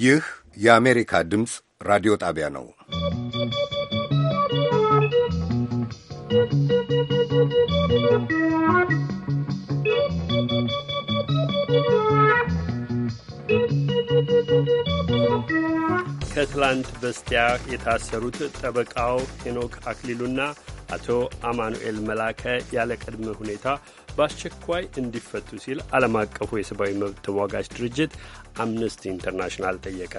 ይህ የአሜሪካ ድምፅ ራዲዮ ጣቢያ ነው። ከትላንት በስቲያ የታሰሩት ጠበቃው ሄኖክ አክሊሉና አቶ አማኑኤል መላከ ያለ ቅድመ ሁኔታ በአስቸኳይ እንዲፈቱ ሲል ዓለም አቀፉ የሰብአዊ መብት ተሟጋች ድርጅት አምነስቲ ኢንተርናሽናል ጠየቀ።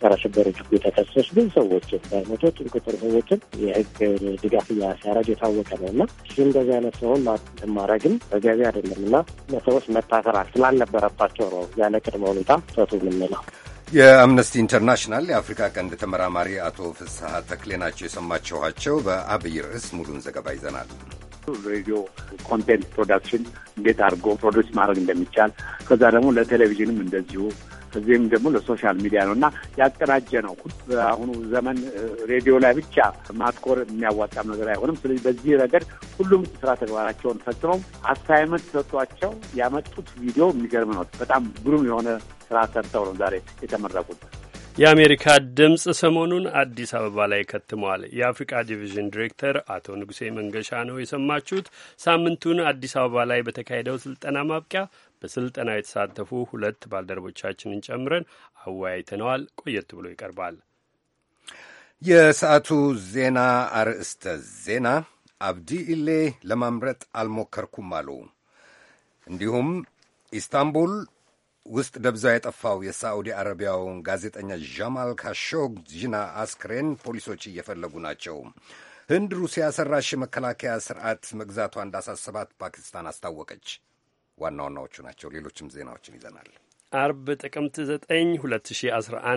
ጸረ ሽብር ሕጉ የተከሰሱ ብዙ ሰዎችን በመቶ ቁጥር ሰዎችን የህግ ድጋፍ ሲያረግ የታወቀ ነው እና ይህ እንደዚህ አይነት ሰውን ማድረግም በገቢ አይደለም እና ለሰዎች መታሰር ስላልነበረባቸው ነው ያለ ቅድመ ሁኔታ ፈቱ የምንለው። የአምነስቲ ኢንተርናሽናል የአፍሪካ ቀንድ ተመራማሪ አቶ ፍስሐ ተክሌ ናቸው የሰማችኋቸው። በአብይ ርዕስ ሙሉን ዘገባ ይዘናል። ሬዲዮ ኮንቴንት ፕሮዳክሽን እንዴት አድርጎ ፕሮዲስ ማድረግ እንደሚቻል ከዛ ደግሞ ለቴሌቪዥንም እንደዚሁ እዚህም ደግሞ ለሶሻል ሚዲያ ነው እና ያቀናጀ ነው። በአሁኑ ዘመን ሬዲዮ ላይ ብቻ ማትኮር የሚያዋጣም ነገር አይሆንም። ስለዚህ በዚህ ረገድ ሁሉም ስራ ተግባራቸውን ፈጽመው አሳይመንት ሰጥቷቸው ያመጡት ቪዲዮ የሚገርም ነው። በጣም ግሩም የሆነ ስራ ሰርተው ነው ዛሬ የተመረቁት። የአሜሪካ ድምፅ ሰሞኑን አዲስ አበባ ላይ ከትመዋል። የአፍሪቃ ዲቪዥን ዲሬክተር አቶ ንጉሴ መንገሻ ነው የሰማችሁት። ሳምንቱን አዲስ አበባ ላይ በተካሄደው ስልጠና ማብቂያ በስልጠና የተሳተፉ ሁለት ባልደረቦቻችንን ጨምረን አወያይተነዋል። ቆየት ብሎ ይቀርባል። የሰዓቱ ዜና አርዕስተ ዜና አብዲ ኢሌ ለማምረጥ አልሞከርኩም አሉ። እንዲሁም ኢስታንቡል ውስጥ ደብዛ የጠፋው የሳዑዲ አረቢያውን ጋዜጠኛ ዣማል ካሾግጂና አስክሬን ፖሊሶች እየፈለጉ ናቸው። ህንድ ሩሲያ ሰራሽ የመከላከያ ስርዓት መግዛቷ እንዳሳሰባት ፓኪስታን አስታወቀች። ዋና ዋናዎቹ ናቸው። ሌሎችም ዜናዎችን ይዘናል። አርብ ጥቅምት 9 2011 ዓ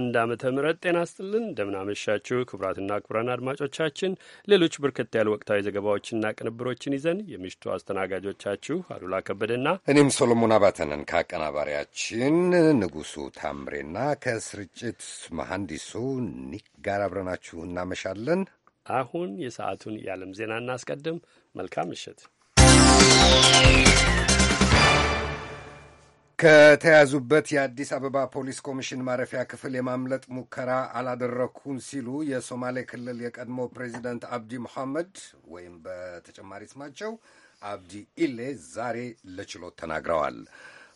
ም ጤና ስጥልን እንደምናመሻችሁ ክቡራትና ክቡራን አድማጮቻችን ሌሎች በርከት ያሉ ወቅታዊ ዘገባዎችና ቅንብሮችን ይዘን የምሽቱ አስተናጋጆቻችሁ አሉላ ከበደና እኔም ሶሎሞን አባተነን ከአቀናባሪያችን ንጉሱ ታምሬና ከስርጭት መሐንዲሱ ኒክ ጋር አብረናችሁ እናመሻለን። አሁን የሰዓቱን የዓለም ዜና እናስቀድም። መልካም ምሽት ከተያዙበት የአዲስ አበባ ፖሊስ ኮሚሽን ማረፊያ ክፍል የማምለጥ ሙከራ አላደረኩም ሲሉ የሶማሌ ክልል የቀድሞ ፕሬዚደንት አብዲ ሙሐመድ ወይም በተጨማሪ ስማቸው አብዲ ኢሌ ዛሬ ለችሎት ተናግረዋል።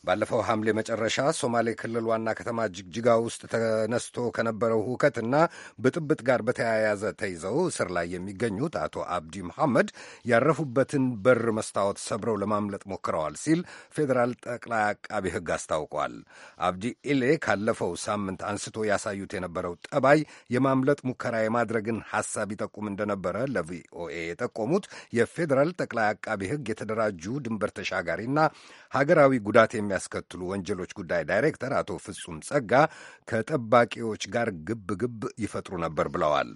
ባለፈው ሐምሌ መጨረሻ ሶማሌ ክልል ዋና ከተማ ጅግጅጋ ውስጥ ተነስቶ ከነበረው ሁከትና ብጥብጥ ጋር በተያያዘ ተይዘው እስር ላይ የሚገኙት አቶ አብዲ መሐመድ ያረፉበትን በር መስታወት ሰብረው ለማምለጥ ሞክረዋል ሲል ፌዴራል ጠቅላይ አቃቢ ሕግ አስታውቋል። አብዲ ኢሌ ካለፈው ሳምንት አንስቶ ያሳዩት የነበረው ጠባይ የማምለጥ ሙከራ የማድረግን ሐሳብ ይጠቁም እንደነበረ ለቪኦኤ የጠቆሙት የፌዴራል ጠቅላይ አቃቢ ሕግ የተደራጁ ድንበር ተሻጋሪና ሀገራዊ ጉዳት የሚያ በሚያስከትሉ ወንጀሎች ጉዳይ ዳይሬክተር አቶ ፍጹም ጸጋ ከጠባቂዎች ጋር ግብ ግብ ይፈጥሩ ነበር ብለዋል።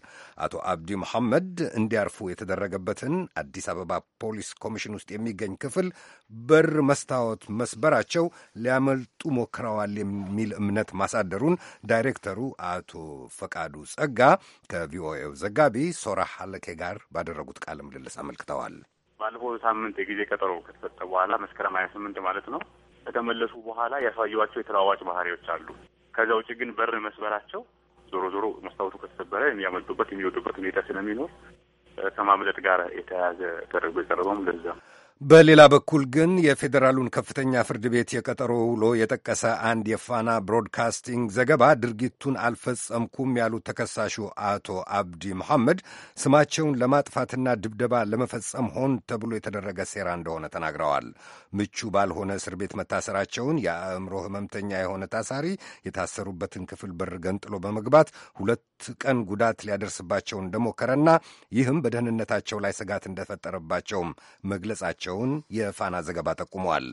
አቶ አብዲ መሐመድ እንዲያርፉ የተደረገበትን አዲስ አበባ ፖሊስ ኮሚሽን ውስጥ የሚገኝ ክፍል በር መስታወት መስበራቸው ሊያመልጡ ሞክረዋል የሚል እምነት ማሳደሩን ዳይሬክተሩ አቶ ፈቃዱ ጸጋ ከቪኦኤው ዘጋቢ ሶራ ሀለኬ ጋር ባደረጉት ቃለ ምልልስ አመልክተዋል። ባለፈው ሳምንት የጊዜ ቀጠሮ ከተሰጠ በኋላ መስከረም ሀያ ስምንት ማለት ነው ከተመለሱ በኋላ ያሳዩቸው የተለዋዋጭ ባህሪዎች አሉ። ከዛ ውጭ ግን በር መስበራቸው ዞሮ ዞሮ መስታወቱ ከተሰበረ የሚያመልጡበት የሚወጡበት ሁኔታ ስለሚኖር ከማምለጥ ጋር የተያያዘ ተደርጎ የቀረበውም ለዛ በሌላ በኩል ግን የፌዴራሉን ከፍተኛ ፍርድ ቤት የቀጠሮ ውሎ የጠቀሰ አንድ የፋና ብሮድካስቲንግ ዘገባ ድርጊቱን አልፈጸምኩም ያሉት ተከሳሹ አቶ አብዲ መሐመድ ስማቸውን ለማጥፋትና ድብደባ ለመፈጸም ሆን ተብሎ የተደረገ ሴራ እንደሆነ ተናግረዋል። ምቹ ባልሆነ እስር ቤት መታሰራቸውን የአእምሮ ሕመምተኛ የሆነ ታሳሪ የታሰሩበትን ክፍል በር ገንጥሎ በመግባት ሁለት ቀን ጉዳት ሊያደርስባቸው እንደሞከረና ይህም በደህንነታቸው ላይ ስጋት እንደፈጠረባቸውም መግለጻቸውን የፋና ዘገባ ጠቁመዋል።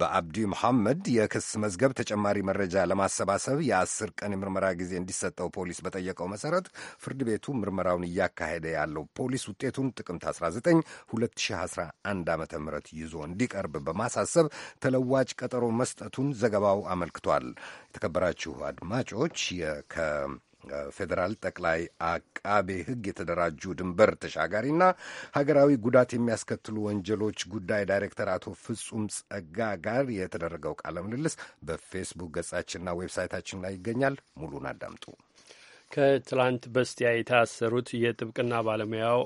በአብዲ መሐመድ የክስ መዝገብ ተጨማሪ መረጃ ለማሰባሰብ የአስር ቀን የምርመራ ጊዜ እንዲሰጠው ፖሊስ በጠየቀው መሰረት ፍርድ ቤቱ ምርመራውን እያካሄደ ያለው ፖሊስ ውጤቱን ጥቅምት 19 2011 ዓ ም ይዞ እንዲቀርብ በማሳሰብ ተለዋጭ ቀጠሮ መስጠቱን ዘገባው አመልክቷል። የተከበራችሁ አድማጮች ፌዴራል ጠቅላይ አቃቤ ሕግ የተደራጁ ድንበር ተሻጋሪና ሀገራዊ ጉዳት የሚያስከትሉ ወንጀሎች ጉዳይ ዳይሬክተር አቶ ፍጹም ጸጋ ጋር የተደረገው ቃለ ምልልስ በፌስቡክ ገጻችንና ዌብሳይታችን ላይ ይገኛል። ሙሉን አዳምጡ። ከትላንት በስቲያ የታሰሩት የጥብቅና ባለሙያው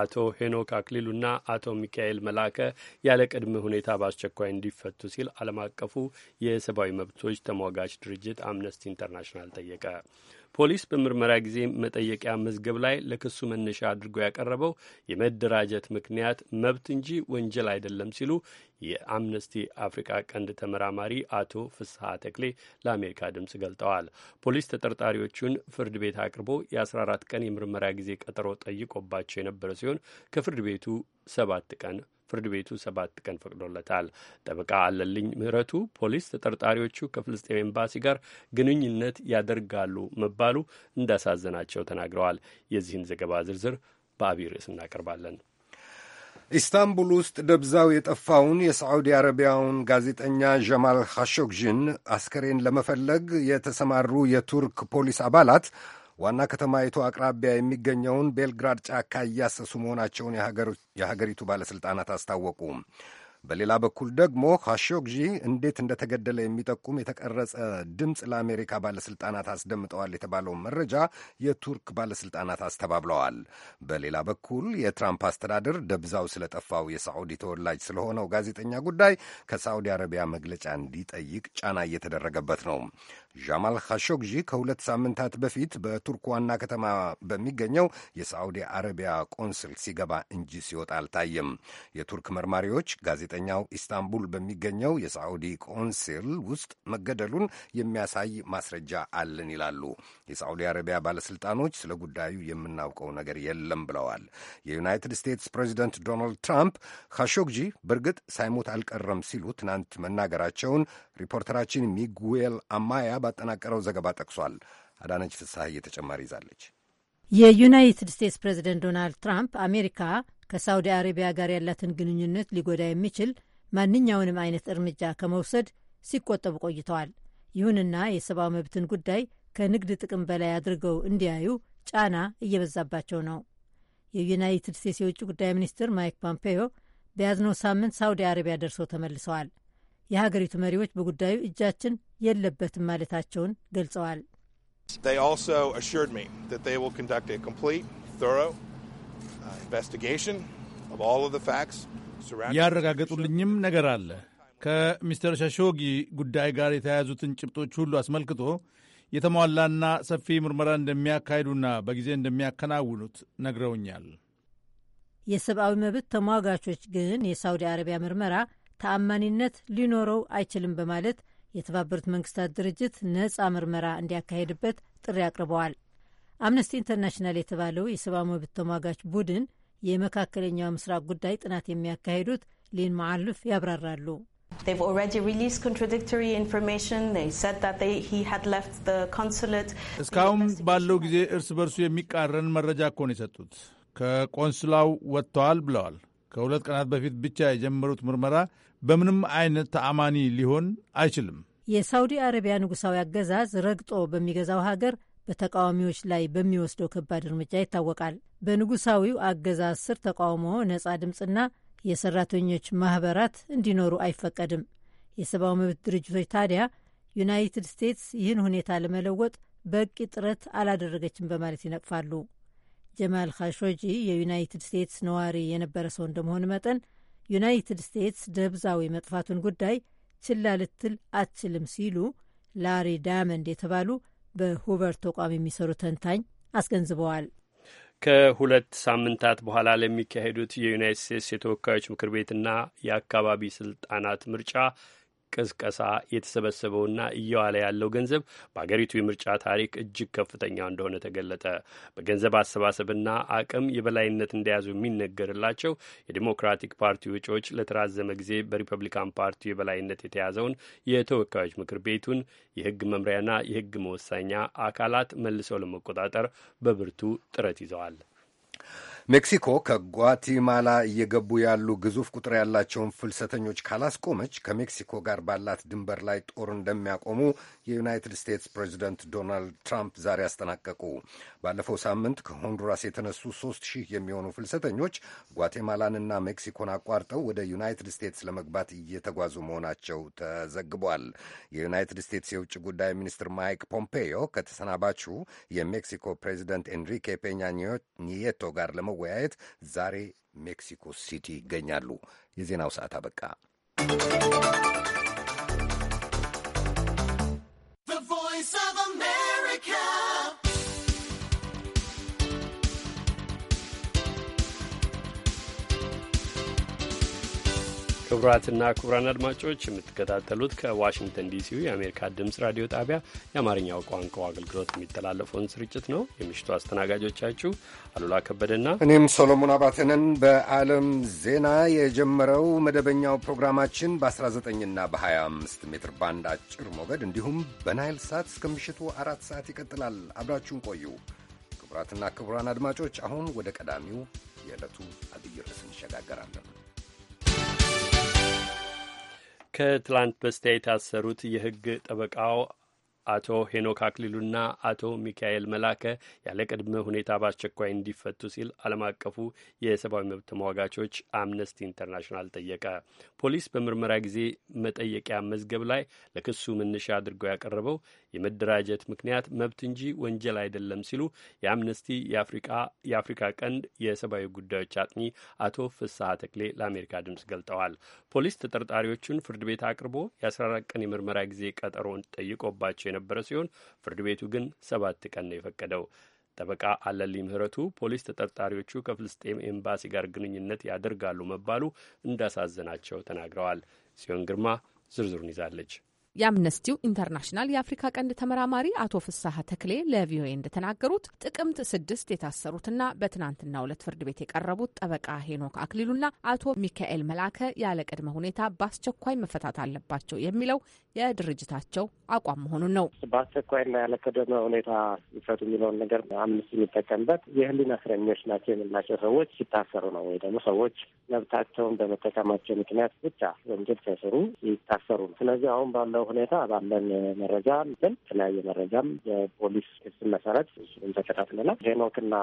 አቶ ሄኖክ አክሊሉና አቶ ሚካኤል መላከ ያለ ቅድመ ሁኔታ በአስቸኳይ እንዲፈቱ ሲል ዓለም አቀፉ የሰብአዊ መብቶች ተሟጋች ድርጅት አምነስቲ ኢንተርናሽናል ጠየቀ። ፖሊስ በምርመራ ጊዜ መጠየቂያ መዝገብ ላይ ለክሱ መነሻ አድርጎ ያቀረበው የመደራጀት ምክንያት መብት እንጂ ወንጀል አይደለም ሲሉ የአምነስቲ አፍሪካ ቀንድ ተመራማሪ አቶ ፍስሐ ተክሌ ለአሜሪካ ድምፅ ገልጠዋል። ፖሊስ ተጠርጣሪዎቹን ፍርድ ቤት አቅርቦ የ14 ቀን የምርመራ ጊዜ ቀጠሮ ጠይቆባቸው የነበረ ሲሆን ከፍርድ ቤቱ ሰባት ቀን ፍርድ ቤቱ ሰባት ቀን ፈቅዶለታል። ጠበቃ አለልኝ ምህረቱ ፖሊስ ተጠርጣሪዎቹ ከፍልስጤም ኤምባሲ ጋር ግንኙነት ያደርጋሉ መባሉ እንዳሳዘናቸው ተናግረዋል። የዚህን ዘገባ ዝርዝር በአብይ ርዕስ እናቀርባለን። ኢስታንቡል ውስጥ ደብዛው የጠፋውን የሳዑዲ አረቢያውን ጋዜጠኛ ጀማል ካሾግዥን አስከሬን ለመፈለግ የተሰማሩ የቱርክ ፖሊስ አባላት ዋና ከተማይቱ አቅራቢያ የሚገኘውን ቤልግራድ ጫካ እያሰሱ መሆናቸውን የሀገሪቱ ባለሥልጣናት አስታወቁ። በሌላ በኩል ደግሞ ካሾግዢ እንዴት እንደተገደለ የሚጠቁም የተቀረጸ ድምፅ ለአሜሪካ ባለሥልጣናት አስደምጠዋል የተባለውን መረጃ የቱርክ ባለሥልጣናት አስተባብለዋል። በሌላ በኩል የትራምፕ አስተዳደር ደብዛው ስለጠፋው የሳዑዲ ተወላጅ ስለሆነው ጋዜጠኛ ጉዳይ ከሳዑዲ አረቢያ መግለጫ እንዲጠይቅ ጫና እየተደረገበት ነው። ዣማል ካሾግጂ ከሁለት ሳምንታት በፊት በቱርክ ዋና ከተማ በሚገኘው የሳዑዲ አረቢያ ቆንስል ሲገባ እንጂ ሲወጣ አልታየም። የቱርክ መርማሪዎች ጋዜጠኛው ኢስታንቡል በሚገኘው የሳዑዲ ቆንስል ውስጥ መገደሉን የሚያሳይ ማስረጃ አለን ይላሉ። የሳዑዲ አረቢያ ባለስልጣኖች ስለ ጉዳዩ የምናውቀው ነገር የለም ብለዋል። የዩናይትድ ስቴትስ ፕሬዚደንት ዶናልድ ትራምፕ ካሾግጂ በእርግጥ ሳይሞት አልቀረም ሲሉ ትናንት መናገራቸውን ሪፖርተራችን ሚጉዌል አማያ ባጠናቀረው ዘገባ ጠቅሷል። አዳነች ፍስሐዬ እየተጨማሪ ይዛለች። የዩናይትድ ስቴትስ ፕሬዚደንት ዶናልድ ትራምፕ አሜሪካ ከሳውዲ አረቢያ ጋር ያላትን ግንኙነት ሊጎዳ የሚችል ማንኛውንም አይነት እርምጃ ከመውሰድ ሲቆጠቡ ቆይተዋል። ይሁንና የሰብአዊ መብትን ጉዳይ ከንግድ ጥቅም በላይ አድርገው እንዲያዩ ጫና እየበዛባቸው ነው። የዩናይትድ ስቴትስ የውጭ ጉዳይ ሚኒስትር ማይክ ፖምፔዮ በያዝነው ሳምንት ሳውዲ አረቢያ ደርሰው ተመልሰዋል። የሀገሪቱ መሪዎች በጉዳዩ እጃችን የለበትም ማለታቸውን ገልጸዋል። ያረጋገጡልኝም ነገር አለ። ከሚስተር ሻሾጊ ጉዳይ ጋር የተያያዙትን ጭብጦች ሁሉ አስመልክቶ የተሟላና ሰፊ ምርመራ እንደሚያካሂዱና በጊዜ እንደሚያከናውኑት ነግረውኛል። የሰብአዊ መብት ተሟጋቾች ግን የሳውዲ አረቢያ ምርመራ ተአማኒነት ሊኖረው አይችልም በማለት የተባበሩት መንግስታት ድርጅት ነጻ ምርመራ እንዲያካሄድበት ጥሪ አቅርበዋል። አምነስቲ ኢንተርናሽናል የተባለው የሰብአዊ መብት ተሟጋች ቡድን የመካከለኛው ምስራቅ ጉዳይ ጥናት የሚያካሂዱት ሊን ማዓሉፍ ያብራራሉ። እስካሁን ባለው ጊዜ እርስ በርሱ የሚቃረን መረጃ እኮ ነው የሰጡት። ከቆንስላው ወጥተዋል ብለዋል። ከሁለት ቀናት በፊት ብቻ የጀመሩት ምርመራ በምንም አይነት ተአማኒ ሊሆን አይችልም። የሳውዲ አረቢያ ንጉሳዊ አገዛዝ ረግጦ በሚገዛው ሀገር በተቃዋሚዎች ላይ በሚወስደው ከባድ እርምጃ ይታወቃል። በንጉሳዊው አገዛዝ ስር ተቃውሞ፣ ነጻ ድምፅና የሰራተኞች ማህበራት እንዲኖሩ አይፈቀድም። የሰብአዊ መብት ድርጅቶች ታዲያ ዩናይትድ ስቴትስ ይህን ሁኔታ ለመለወጥ በቂ ጥረት አላደረገችም በማለት ይነቅፋሉ። ጀማል ካሾጂ የዩናይትድ ስቴትስ ነዋሪ የነበረ ሰው እንደመሆን መጠን ዩናይትድ ስቴትስ ደብዛው የመጥፋቱን ጉዳይ ችላ ልትል አትችልም ሲሉ ላሪ ዳመንድ የተባሉ በሁበር ተቋም የሚሰሩ ተንታኝ አስገንዝበዋል። ከሁለት ሳምንታት በኋላ ለሚካሄዱት የዩናይት ስቴትስ የተወካዮች ምክር ቤትና የአካባቢ ስልጣናት ምርጫ ቅስቀሳ የተሰበሰበውና እየዋለ ያለው ገንዘብ በአገሪቱ የምርጫ ታሪክ እጅግ ከፍተኛ እንደሆነ ተገለጠ። በገንዘብ አሰባሰብና አቅም የበላይነት እንደያዙ የሚነገርላቸው የዲሞክራቲክ ፓርቲ እጩዎች ለተራዘመ ጊዜ በሪፐብሊካን ፓርቲ የበላይነት የተያዘውን የተወካዮች ምክር ቤቱን የህግ መምሪያና የህግ መወሰኛ አካላት መልሰው ለመቆጣጠር በብርቱ ጥረት ይዘዋል። ሜክሲኮ ከጓቲማላ እየገቡ ያሉ ግዙፍ ቁጥር ያላቸውን ፍልሰተኞች ካላስቆመች ከሜክሲኮ ጋር ባላት ድንበር ላይ ጦር እንደሚያቆሙ የዩናይትድ ስቴትስ ፕሬዚደንት ዶናልድ ትራምፕ ዛሬ አስጠናቀቁ። ባለፈው ሳምንት ከሆንዱራስ የተነሱ ሶስት ሺህ የሚሆኑ ፍልሰተኞች ጓቴማላንና ሜክሲኮን አቋርጠው ወደ ዩናይትድ ስቴትስ ለመግባት እየተጓዙ መሆናቸው ተዘግቧል። የዩናይትድ ስቴትስ የውጭ ጉዳይ ሚኒስትር ማይክ ፖምፔዮ ከተሰናባቹ የሜክሲኮ ፕሬዚደንት ኤንሪኬ ፔኛ ኒየቶ ጋር ለመ ለመወያየት ዛሬ ሜክሲኮ ሲቲ ይገኛሉ። የዜናው ሰዓት አበቃ። ክቡራትና ክቡራን አድማጮች የምትከታተሉት ከዋሽንግተን ዲሲው የአሜሪካ ድምፅ ራዲዮ ጣቢያ የአማርኛው ቋንቋ አገልግሎት የሚተላለፈውን ስርጭት ነው። የምሽቱ አስተናጋጆቻችሁ አሉላ ከበደና እኔም ሶሎሞን አባተንን። በዓለም ዜና የጀመረው መደበኛው ፕሮግራማችን በ19ና በ25 ሜትር ባንድ አጭር ሞገድ እንዲሁም በናይል ሳት እስከ ምሽቱ አራት ሰዓት ይቀጥላል። አብራችሁን ቆዩ። ክቡራትና ክቡራን አድማጮች አሁን ወደ ቀዳሚው የዕለቱ አብይ ርዕስ እንሸጋገራለን። ከትላንት በስቲያ የታሰሩት የህግ ጠበቃው አቶ ሄኖክ አክሊሉና አቶ ሚካኤል መላከ ያለ ቅድመ ሁኔታ በአስቸኳይ እንዲፈቱ ሲል ዓለም አቀፉ የሰብአዊ መብት ተሟጋቾች አምነስቲ ኢንተርናሽናል ጠየቀ። ፖሊስ በምርመራ ጊዜ መጠየቂያ መዝገብ ላይ ለክሱ መነሻ አድርገው ያቀረበው የመደራጀት ምክንያት መብት እንጂ ወንጀል አይደለም ሲሉ የአምነስቲ የአፍሪካ ቀንድ የሰብአዊ ጉዳዮች አጥኚ አቶ ፍስሐ ተክሌ ለአሜሪካ ድምፅ ገልጠዋል። ፖሊስ ተጠርጣሪዎቹን ፍርድ ቤት አቅርቦ የ14 ቀን የምርመራ ጊዜ ቀጠሮን ጠይቆባቸው የነበረ ሲሆን ፍርድ ቤቱ ግን ሰባት ቀን ነው የፈቀደው። ጠበቃ አለሊ ምህረቱ ፖሊስ ተጠርጣሪዎቹ ከፍልስጤም ኤምባሲ ጋር ግንኙነት ያደርጋሉ መባሉ እንዳሳዘናቸው ተናግረዋል። ጽዮን ግርማ ዝርዝሩን ይዛለች። የአምነስቲው ኢንተርናሽናል የአፍሪካ ቀንድ ተመራማሪ አቶ ፍሳሐ ተክሌ ለቪኦኤ እንደተናገሩት ጥቅምት ስድስት የታሰሩትና በትናንትና ሁለት ፍርድ ቤት የቀረቡት ጠበቃ ሄኖክ አክሊሉና አቶ ሚካኤል መላከ ያለ ቅድመ ሁኔታ በአስቸኳይ መፈታት አለባቸው የሚለው የድርጅታቸው አቋም መሆኑን ነው። በአስቸኳይና ያለ ቅድመ ሁኔታ ይፈቱ የሚለውን ነገር አምነስቲ የሚጠቀምበት የህሊና እስረኞች ናቸው የምንላቸው ሰዎች ሲታሰሩ ነው ወይ ደግሞ ሰዎች መብታቸውን በመጠቀማቸው ምክንያት ብቻ ወንጀል ሲያሰሩ ይታሰሩ ነው። ስለዚህ አሁን ባለው ባለው ሁኔታ ባለን መረጃ ምትል የተለያየ መረጃም የፖሊስ ክስ መሰረት እሱም ተከታትለናል። ሄኖክና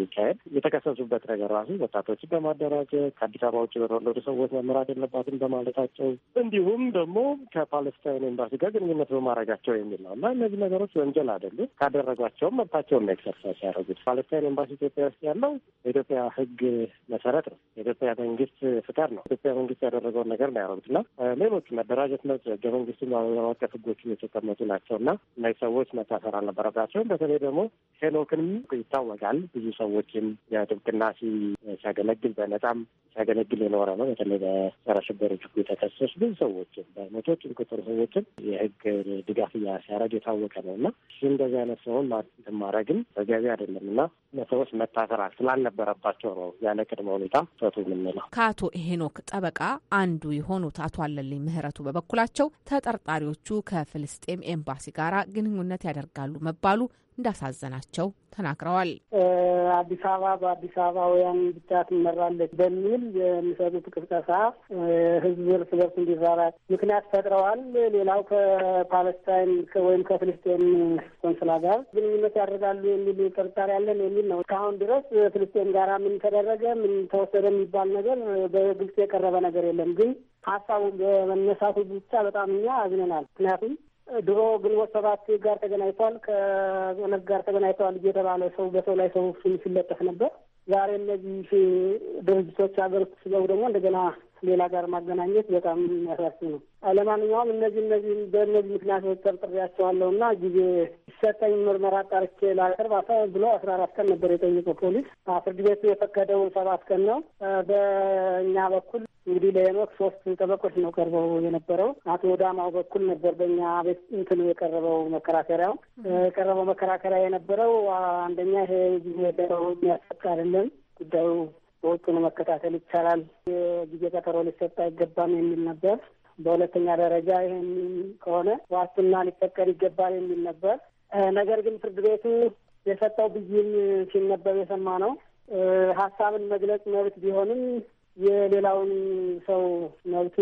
ሚካኤል የተከሰሱበት ነገር ራሱ ወጣቶችን በማደራጀት ከአዲስ አበባ ውጭ በተወለዱ ሰዎች መምራት የለባትም በማለታቸው እንዲሁም ደግሞ ከፓለስታይን ኤምባሲ ጋር ግንኙነት በማድረጋቸው የሚል ነው እና እነዚህ ነገሮች ወንጀል አይደሉም። ካደረጓቸውም መብታቸውን ነው ኤክሰርሳይዝ ያደረጉት። ፓለስታይን ኤምባሲ ኢትዮጵያ ውስጥ ያለው የኢትዮጵያ ሕግ መሰረት ነው። የኢትዮጵያ መንግስት ፍቃድ ነው። ኢትዮጵያ መንግስት ያደረገውን ነገር ነው ያደረጉት እና ሌሎች መደራጀት መብት፣ መንግስቱ በዓለም አቀፍ ህጎችም የተቀመጡ ናቸው እና እነዚህ ሰዎች መታሰር አልነበረባቸውም። በተለይ ደግሞ ሄኖክንም ይታወቃል። ብዙ ሰዎችም የጥብቅና ሲያገለግል በነጻም ሲያገለግል የኖረ ነው። በተለይ በጸረ ሽብር ህጉ የተከሰሱ ብዙ ሰዎችም በመቶች ቁጥር ሰዎችም የህግ ድጋፍ ሲያደርግ የታወቀ ነው እና ይህ እንደዚህ አይነት ሰውን ማድረግም ተገቢ አይደለም እና ሰዎች መታሰር ስላልነበረባቸው ነው ያለ ቅድመ ሁኔታ ፈቱ የምንለው ከአቶ ሄኖክ ጠበቃ አንዱ የሆኑት አቶ አለልኝ ምህረቱ በበኩላቸው ተጠርጣሪዎቹ ከፍልስጤም ኤምባሲ ጋር ግንኙነት ያደርጋሉ መባሉ እንዳሳዘናቸው ተናግረዋል። አዲስ አበባ በአዲስ አበባውያን ብቻ ትመራለች በሚል የሚሰጡት ቅስቀሳ ሕዝብ እርስ በርስ እንዲራራቅ ምክንያት ፈጥረዋል። ሌላው ከፓለስታይን ወይም ከፍልስጤን ቆንስላ ጋር ግንኙነት ያደርጋሉ የሚል ጥርጣሬ ያለን የሚል ነው። እስካሁን ድረስ ፍልስጤን ጋራ ምን ተደረገ ምን ተወሰደ የሚባል ነገር በግልጽ የቀረበ ነገር የለም ግን ሀሳቡ በመነሳቱ ብቻ በጣም እኛ አዝነናል። ምክንያቱም ድሮ ግንቦት ሰባት ጋር ተገናኝተዋል ከኦነግ ጋር ተገናኝተዋል እየተባለ ሰው በሰው ላይ ሰው ሲለጠፍ ነበር። ዛሬ እነዚህ ድርጅቶች ሀገር ውስጥ ሲገቡ ደግሞ እንደገና ሌላ ጋር ማገናኘት በጣም የሚያሳስ ነው። ለማንኛውም እነዚህ እነዚህ በእነዚህ ምክንያቶች ጠርጥሬያቸዋለሁ እና ጊዜ ሲሰጠኝ ምርመራ አጣርቼ ላቅርብ ብሎ አስራ አራት ቀን ነበር የጠየቀው ፖሊስ። ፍርድ ቤቱ የፈቀደውን ሰባት ቀን ነው። በእኛ በኩል እንግዲህ ለሄኖክ ሶስት ጠበቆች ነው ቀርበው የነበረው። አቶ ወዳማው በኩል ነበር በእኛ ቤት እንትን የቀረበው መከራከሪያው የቀረበው መከራከሪያ የነበረው አንደኛ ይሄ ጊዜ ደው የሚያስፈቅ አይደለም ጉዳዩ ውጭን መከታተል ይቻላል፣ የጊዜ ቀጠሮ ሊሰጥ አይገባም የሚል ነበር። በሁለተኛ ደረጃ ይህን ከሆነ ዋስትና ሊፈቀድ ይገባል የሚል ነበር። ነገር ግን ፍርድ ቤቱ የሰጠው ብይን ሲነበብ የሰማ ነው ሀሳብን መግለጽ መብት ቢሆንም የሌላውን ሰው መብት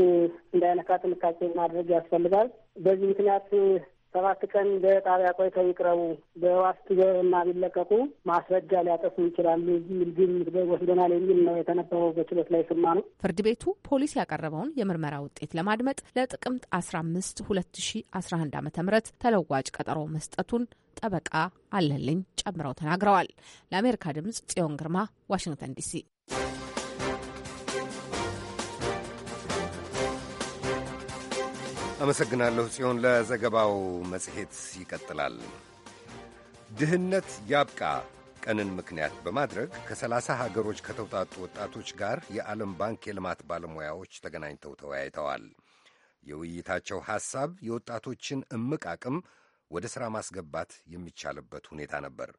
እንዳይነካ ጥንቃቄ ማድረግ ያስፈልጋል። በዚህ ምክንያት ሰባት ቀን በጣቢያ ቆይተው ይቅረቡ፣ በዋስ ቢገቡና ቢለቀቁ ማስረጃ ሊያጠፉ ይችላሉ የሚል ግምት ወስደናል የሚል ነው የተነበበው በችሎት ላይ ስማ ነው። ፍርድ ቤቱ ፖሊስ ያቀረበውን የምርመራ ውጤት ለማድመጥ ለጥቅምት አስራ አምስት ሁለት ሺ አስራ አንድ አመተ ምህረት ተለዋጭ ቀጠሮ መስጠቱን ጠበቃ አለልኝ ጨምረው ተናግረዋል። ለአሜሪካ ድምጽ ጽዮን ግርማ ዋሽንግተን ዲሲ አመሰግናለሁ ጽዮን ለዘገባው። መጽሔት ይቀጥላል። ድህነት ያብቃ ቀንን ምክንያት በማድረግ ከ30 ሀገሮች ከተውጣጡ ወጣቶች ጋር የዓለም ባንክ የልማት ባለሙያዎች ተገናኝተው ተወያይተዋል። የውይይታቸው ሐሳብ የወጣቶችን እምቅ አቅም ወደ ሥራ ማስገባት የሚቻልበት ሁኔታ ነበር።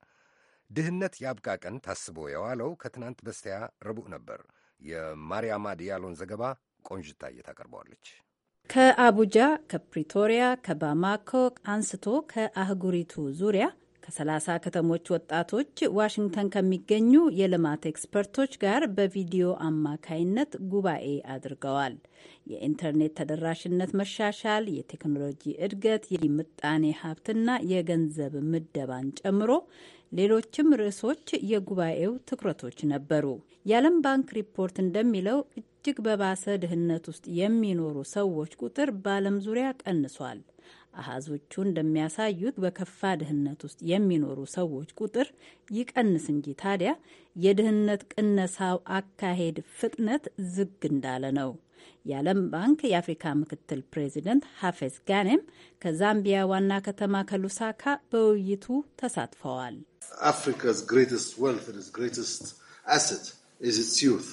ድህነት ያብቃ ቀን ታስቦ የዋለው ከትናንት በስቲያ ረቡዕ ነበር። የማርያማ ዲያሎን ዘገባ ቆንጅታ እየታቀርበዋለች። ከአቡጃ፣ ከፕሪቶሪያ፣ ከባማኮ አንስቶ ከአህጉሪቱ ዙሪያ ከ30 ከተሞች ወጣቶች ዋሽንግተን ከሚገኙ የልማት ኤክስፐርቶች ጋር በቪዲዮ አማካይነት ጉባኤ አድርገዋል። የኢንተርኔት ተደራሽነት መሻሻል፣ የቴክኖሎጂ እድገት፣ የምጣኔ ሀብትና የገንዘብ ምደባን ጨምሮ ሌሎችም ርዕሶች የጉባኤው ትኩረቶች ነበሩ። የዓለም ባንክ ሪፖርት እንደሚለው እጅግ በባሰ ድህነት ውስጥ የሚኖሩ ሰዎች ቁጥር በዓለም ዙሪያ ቀንሷል። አሃዞቹ እንደሚያሳዩት በከፋ ድህነት ውስጥ የሚኖሩ ሰዎች ቁጥር ይቀንስ እንጂ ታዲያ የድህነት ቅነሳው አካሄድ ፍጥነት ዝግ እንዳለ ነው። የዓለም ባንክ የአፍሪካ ምክትል ፕሬዚደንት ሀፌዝ ጋኔም ከዛምቢያ ዋና ከተማ ከሉሳካ በውይይቱ ተሳትፈዋል። አፍሪካስ ግሬትስት ዌልዝ ግሬትስት አሴት ኢዝ ኢትስ ዩዝ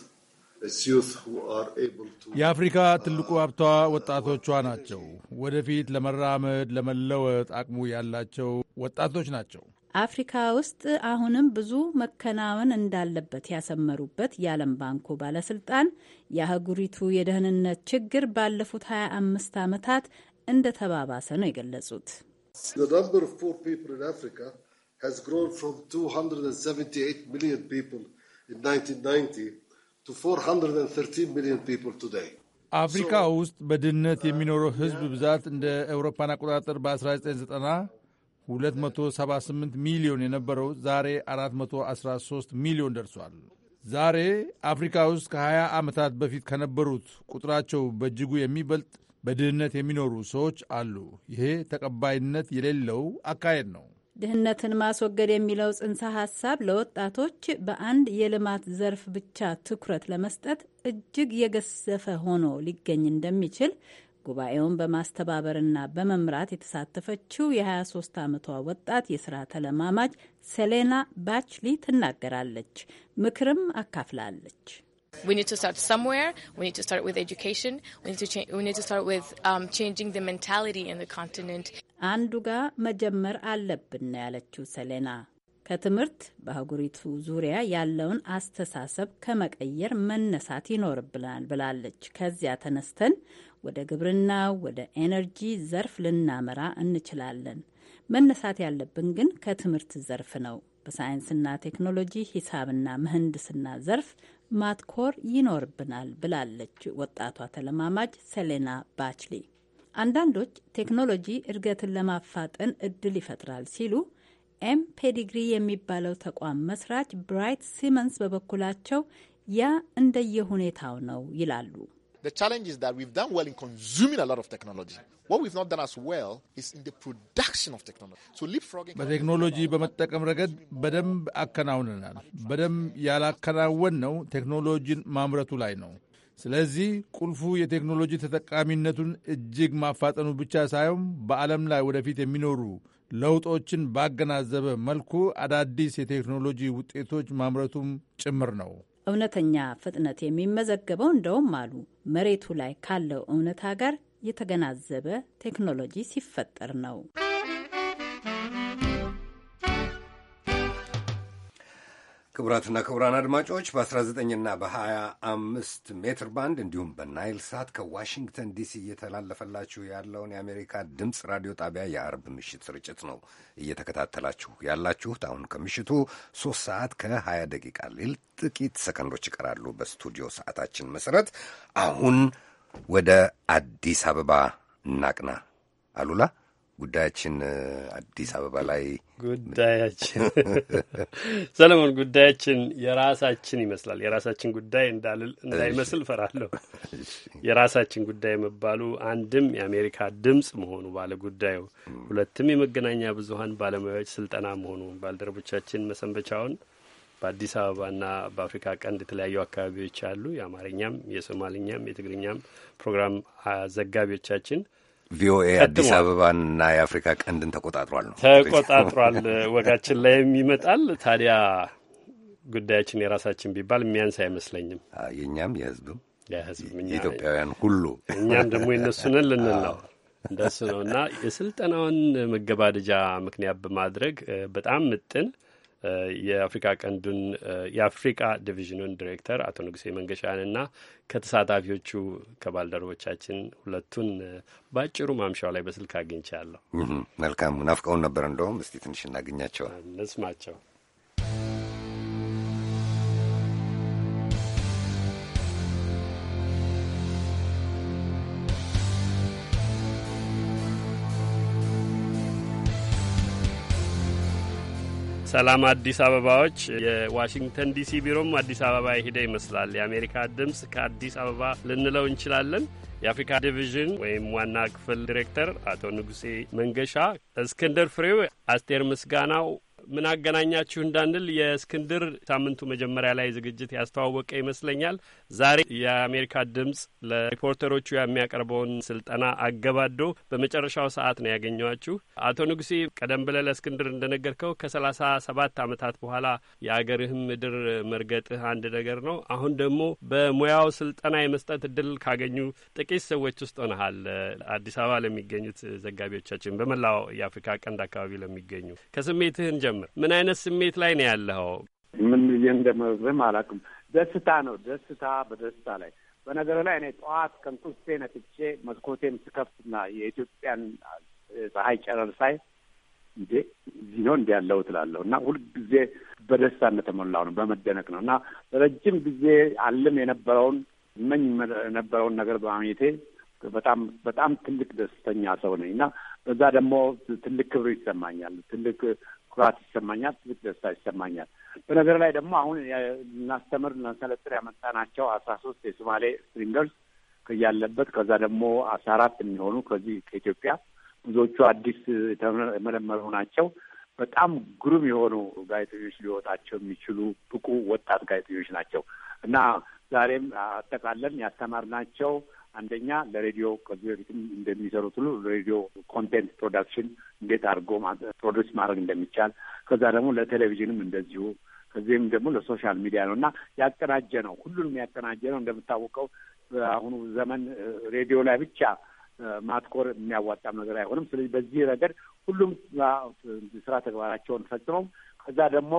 የአፍሪካ ትልቁ ሀብቷ ወጣቶቿ ናቸው። ወደፊት ለመራመድ ለመለወጥ አቅሙ ያላቸው ወጣቶች ናቸው። አፍሪካ ውስጥ አሁንም ብዙ መከናወን እንዳለበት ያሰመሩበት የዓለም ባንኩ ባለስልጣን የአህጉሪቱ የደህንነት ችግር ባለፉት 25 ዓመታት እንደተባባሰ ነው የገለጹት። ፖር አፍሪካ ውስጥ በድህነት የሚኖረው ህዝብ ብዛት እንደ ኤውሮፓን አቆጣጠር በ1990 278 ሚሊዮን የነበረው ዛሬ 413 ሚሊዮን ደርሷል። ዛሬ አፍሪካ ውስጥ ከ20 ዓመታት በፊት ከነበሩት ቁጥራቸው በእጅጉ የሚበልጥ በድህነት የሚኖሩ ሰዎች አሉ። ይሄ ተቀባይነት የሌለው አካሄድ ነው። ድህነትን ማስወገድ የሚለው ጽንሰ ሀሳብ ለወጣቶች በአንድ የልማት ዘርፍ ብቻ ትኩረት ለመስጠት እጅግ የገሰፈ ሆኖ ሊገኝ እንደሚችል ጉባኤውን በማስተባበርና በመምራት የተሳተፈችው የ23 ዓመቷ ወጣት የስራ ተለማማጅ ሴሌና ባችሊ ትናገራለች። ምክርም አካፍላለች። አንዱ ጋር መጀመር አለብን ነው ያለችው ሰሌና። ከትምህርት በአህጉሪቱ ዙሪያ ያለውን አስተሳሰብ ከመቀየር መነሳት ይኖርብናል ብላለች። ከዚያ ተነስተን ወደ ግብርና፣ ወደ ኤነርጂ ዘርፍ ልናመራ እንችላለን። መነሳት ያለብን ግን ከትምህርት ዘርፍ ነው። በሳይንስና ቴክኖሎጂ፣ ሂሳብና ምህንድስና ዘርፍ ማትኮር ይኖርብናል ብላለች ወጣቷ ተለማማጅ ሰሌና ባችሌ አንዳንዶች ቴክኖሎጂ እድገትን ለማፋጠን እድል ይፈጥራል ሲሉ ኤም ፔዲግሪ የሚባለው ተቋም መስራች ብራይት ሲመንስ በበኩላቸው ያ እንደየሁኔታው ነው ይላሉ። በቴክኖሎጂ በመጠቀም ረገድ በደንብ አከናውንናል። በደንብ ያላከናወን ነው ቴክኖሎጂን ማምረቱ ላይ ነው። ስለዚህ ቁልፉ የቴክኖሎጂ ተጠቃሚነቱን እጅግ ማፋጠኑ ብቻ ሳይሆን በዓለም ላይ ወደፊት የሚኖሩ ለውጦችን ባገናዘበ መልኩ አዳዲስ የቴክኖሎጂ ውጤቶች ማምረቱም ጭምር ነው። እውነተኛ ፍጥነት የሚመዘገበው እንደውም አሉ መሬቱ ላይ ካለው እውነታ ጋር የተገናዘበ ቴክኖሎጂ ሲፈጠር ነው። ክቡራትና ክቡራን አድማጮች በ19ና በ25 ሜትር ባንድ እንዲሁም በናይል ሳት ከዋሽንግተን ዲሲ እየተላለፈላችሁ ያለውን የአሜሪካ ድምፅ ራዲዮ ጣቢያ የአርብ ምሽት ስርጭት ነው እየተከታተላችሁ ያላችሁት። አሁን ከምሽቱ 3 ሰዓት ከ20 ደቂቃ ሌል ጥቂት ሰከንዶች ይቀራሉ በስቱዲዮ ሰዓታችን መሰረት። አሁን ወደ አዲስ አበባ እናቅና አሉላ ጉዳያችን አዲስ አበባ ላይ ጉዳያችን ሰለሞን ጉዳያችን የራሳችን ይመስላል። የራሳችን ጉዳይ እንዳልል እንዳይመስል ፈራለሁ። የራሳችን ጉዳይ መባሉ አንድም የአሜሪካ ድምፅ መሆኑ ባለ ጉዳዩ፣ ሁለትም የመገናኛ ብዙኃን ባለሙያዎች ስልጠና መሆኑ ባልደረቦቻችን መሰንበቻውን በአዲስ አበባና በአፍሪካ ቀንድ የተለያዩ አካባቢዎች አሉ የአማርኛም የሶማልኛም የትግርኛም ፕሮግራም ዘጋቢዎቻችን ቪኦኤ አዲስ አበባንና የአፍሪካ ቀንድን ተቆጣጥሯል ነው ተቆጣጥሯል። ወጋችን ላይም ይመጣል። ታዲያ ጉዳያችን የራሳችን ቢባል የሚያንስ አይመስለኝም። የእኛም የህዝብም የኢትዮጵያውያን ሁሉ እኛም ደግሞ የነሱንን ልንል ነው እንደሱ ነው እና የስልጠናውን መገባደጃ ምክንያት በማድረግ በጣም ምጥን የአፍሪካ ቀንዱን የአፍሪካ ዲቪዥኑን ዲሬክተር አቶ ንጉሴ መንገሻን ከተሳታፊዎቹ ከባልደረቦቻችን ሁለቱን በአጭሩ ማምሻው ላይ በስልክ አግኝቻለሁ። መልካም ናፍቀውን ነበር። እንደውም እስቲ ትንሽ እናገኛቸዋል፣ እንስማቸው። ሰላም አዲስ አበባዎች። የዋሽንግተን ዲሲ ቢሮም አዲስ አበባ የሄደ ይመስላል። የአሜሪካ ድምፅ ከአዲስ አበባ ልንለው እንችላለን። የአፍሪካ ዲቪዥን ወይም ዋና ክፍል ዲሬክተር አቶ ንጉሴ መንገሻ፣ እስክንድር ፍሬው፣ አስቴር ምስጋናው ምን አገናኛችሁ እንዳንል የእስክንድር ሳምንቱ መጀመሪያ ላይ ዝግጅት ያስተዋወቀ ይመስለኛል። ዛሬ የአሜሪካ ድምጽ ለሪፖርተሮቹ የሚያቀርበውን ስልጠና አገባዶ በመጨረሻው ሰዓት ነው ያገኘኋችሁ። አቶ ንጉሴ ቀደም ብለህ ለእስክንድር እንደነገርከው ከሰላሳ ሰባት ዓመታት በኋላ የአገርህም ምድር መርገጥህ አንድ ነገር ነው። አሁን ደግሞ በሙያው ስልጠና የመስጠት እድል ካገኙ ጥቂት ሰዎች ውስጥ ሆነሃል። አዲስ አበባ ለሚገኙት ዘጋቢዎቻችን፣ በመላው የአፍሪካ ቀንድ አካባቢ ለሚገኙ ከስሜትህን ጀምር። ምን አይነት ስሜት ላይ ነው ያለኸው? ምን ብዬ እንደመርዝም አላውቅም። ደስታ ነው። ደስታ በደስታ ላይ በነገር ላይ እኔ ጠዋት ከእንቅልፌ ነትቼ መስኮቴን ስከፍትና የኢትዮጵያን ፀሐይ ጨረር ሳይ እንዴ እዚህ ነው እንዲ ያለው ትላለሁ እና ሁልጊዜ በደስታ እንደተሞላው ነው በመደነቅ ነው እና ረጅም ጊዜ አልም የነበረውን እመኝ የነበረውን ነገር በማግኘቴ በጣም በጣም ትልቅ ደስተኛ ሰው ነኝ እና በዛ ደግሞ ትልቅ ክብር ይሰማኛል። ትልቅ ኩራት ይሰማኛል፣ ትልቅ ደስታ ይሰማኛል። በነገር ላይ ደግሞ አሁን እናስተምር እናሰለጥር ያመጣናቸው አስራ ሶስት የሶማሌ ስትሪንገርስ ከያለበት ከዛ ደግሞ አስራ አራት የሚሆኑ ከዚህ ከኢትዮጵያ ብዙዎቹ አዲስ የተመለመሉ ናቸው። በጣም ግሩም የሆኑ ጋዜጠኞች ሊወጣቸው የሚችሉ ብቁ ወጣት ጋዜጠኞች ናቸው እና ዛሬም አጠቃለን ያስተማርናቸው አንደኛ ለሬዲዮ ከዚህ በፊትም እንደሚሰሩት ሁሉ ሬዲዮ ኮንቴንት ፕሮዳክሽን እንዴት አድርጎ ፕሮዲስ ማድረግ እንደሚቻል ከዛ ደግሞ ለቴሌቪዥንም እንደዚሁ ከዚህም ደግሞ ለሶሻል ሚዲያ ነው እና ያቀናጀ ነው። ሁሉንም ያቀናጀ ነው። እንደምታወቀው በአሁኑ ዘመን ሬዲዮ ላይ ብቻ ማትኮር የሚያዋጣም ነገር አይሆንም። ስለዚህ በዚህ ረገድ ሁሉም ስራ ተግባራቸውን ፈጽመው ከዛ ደግሞ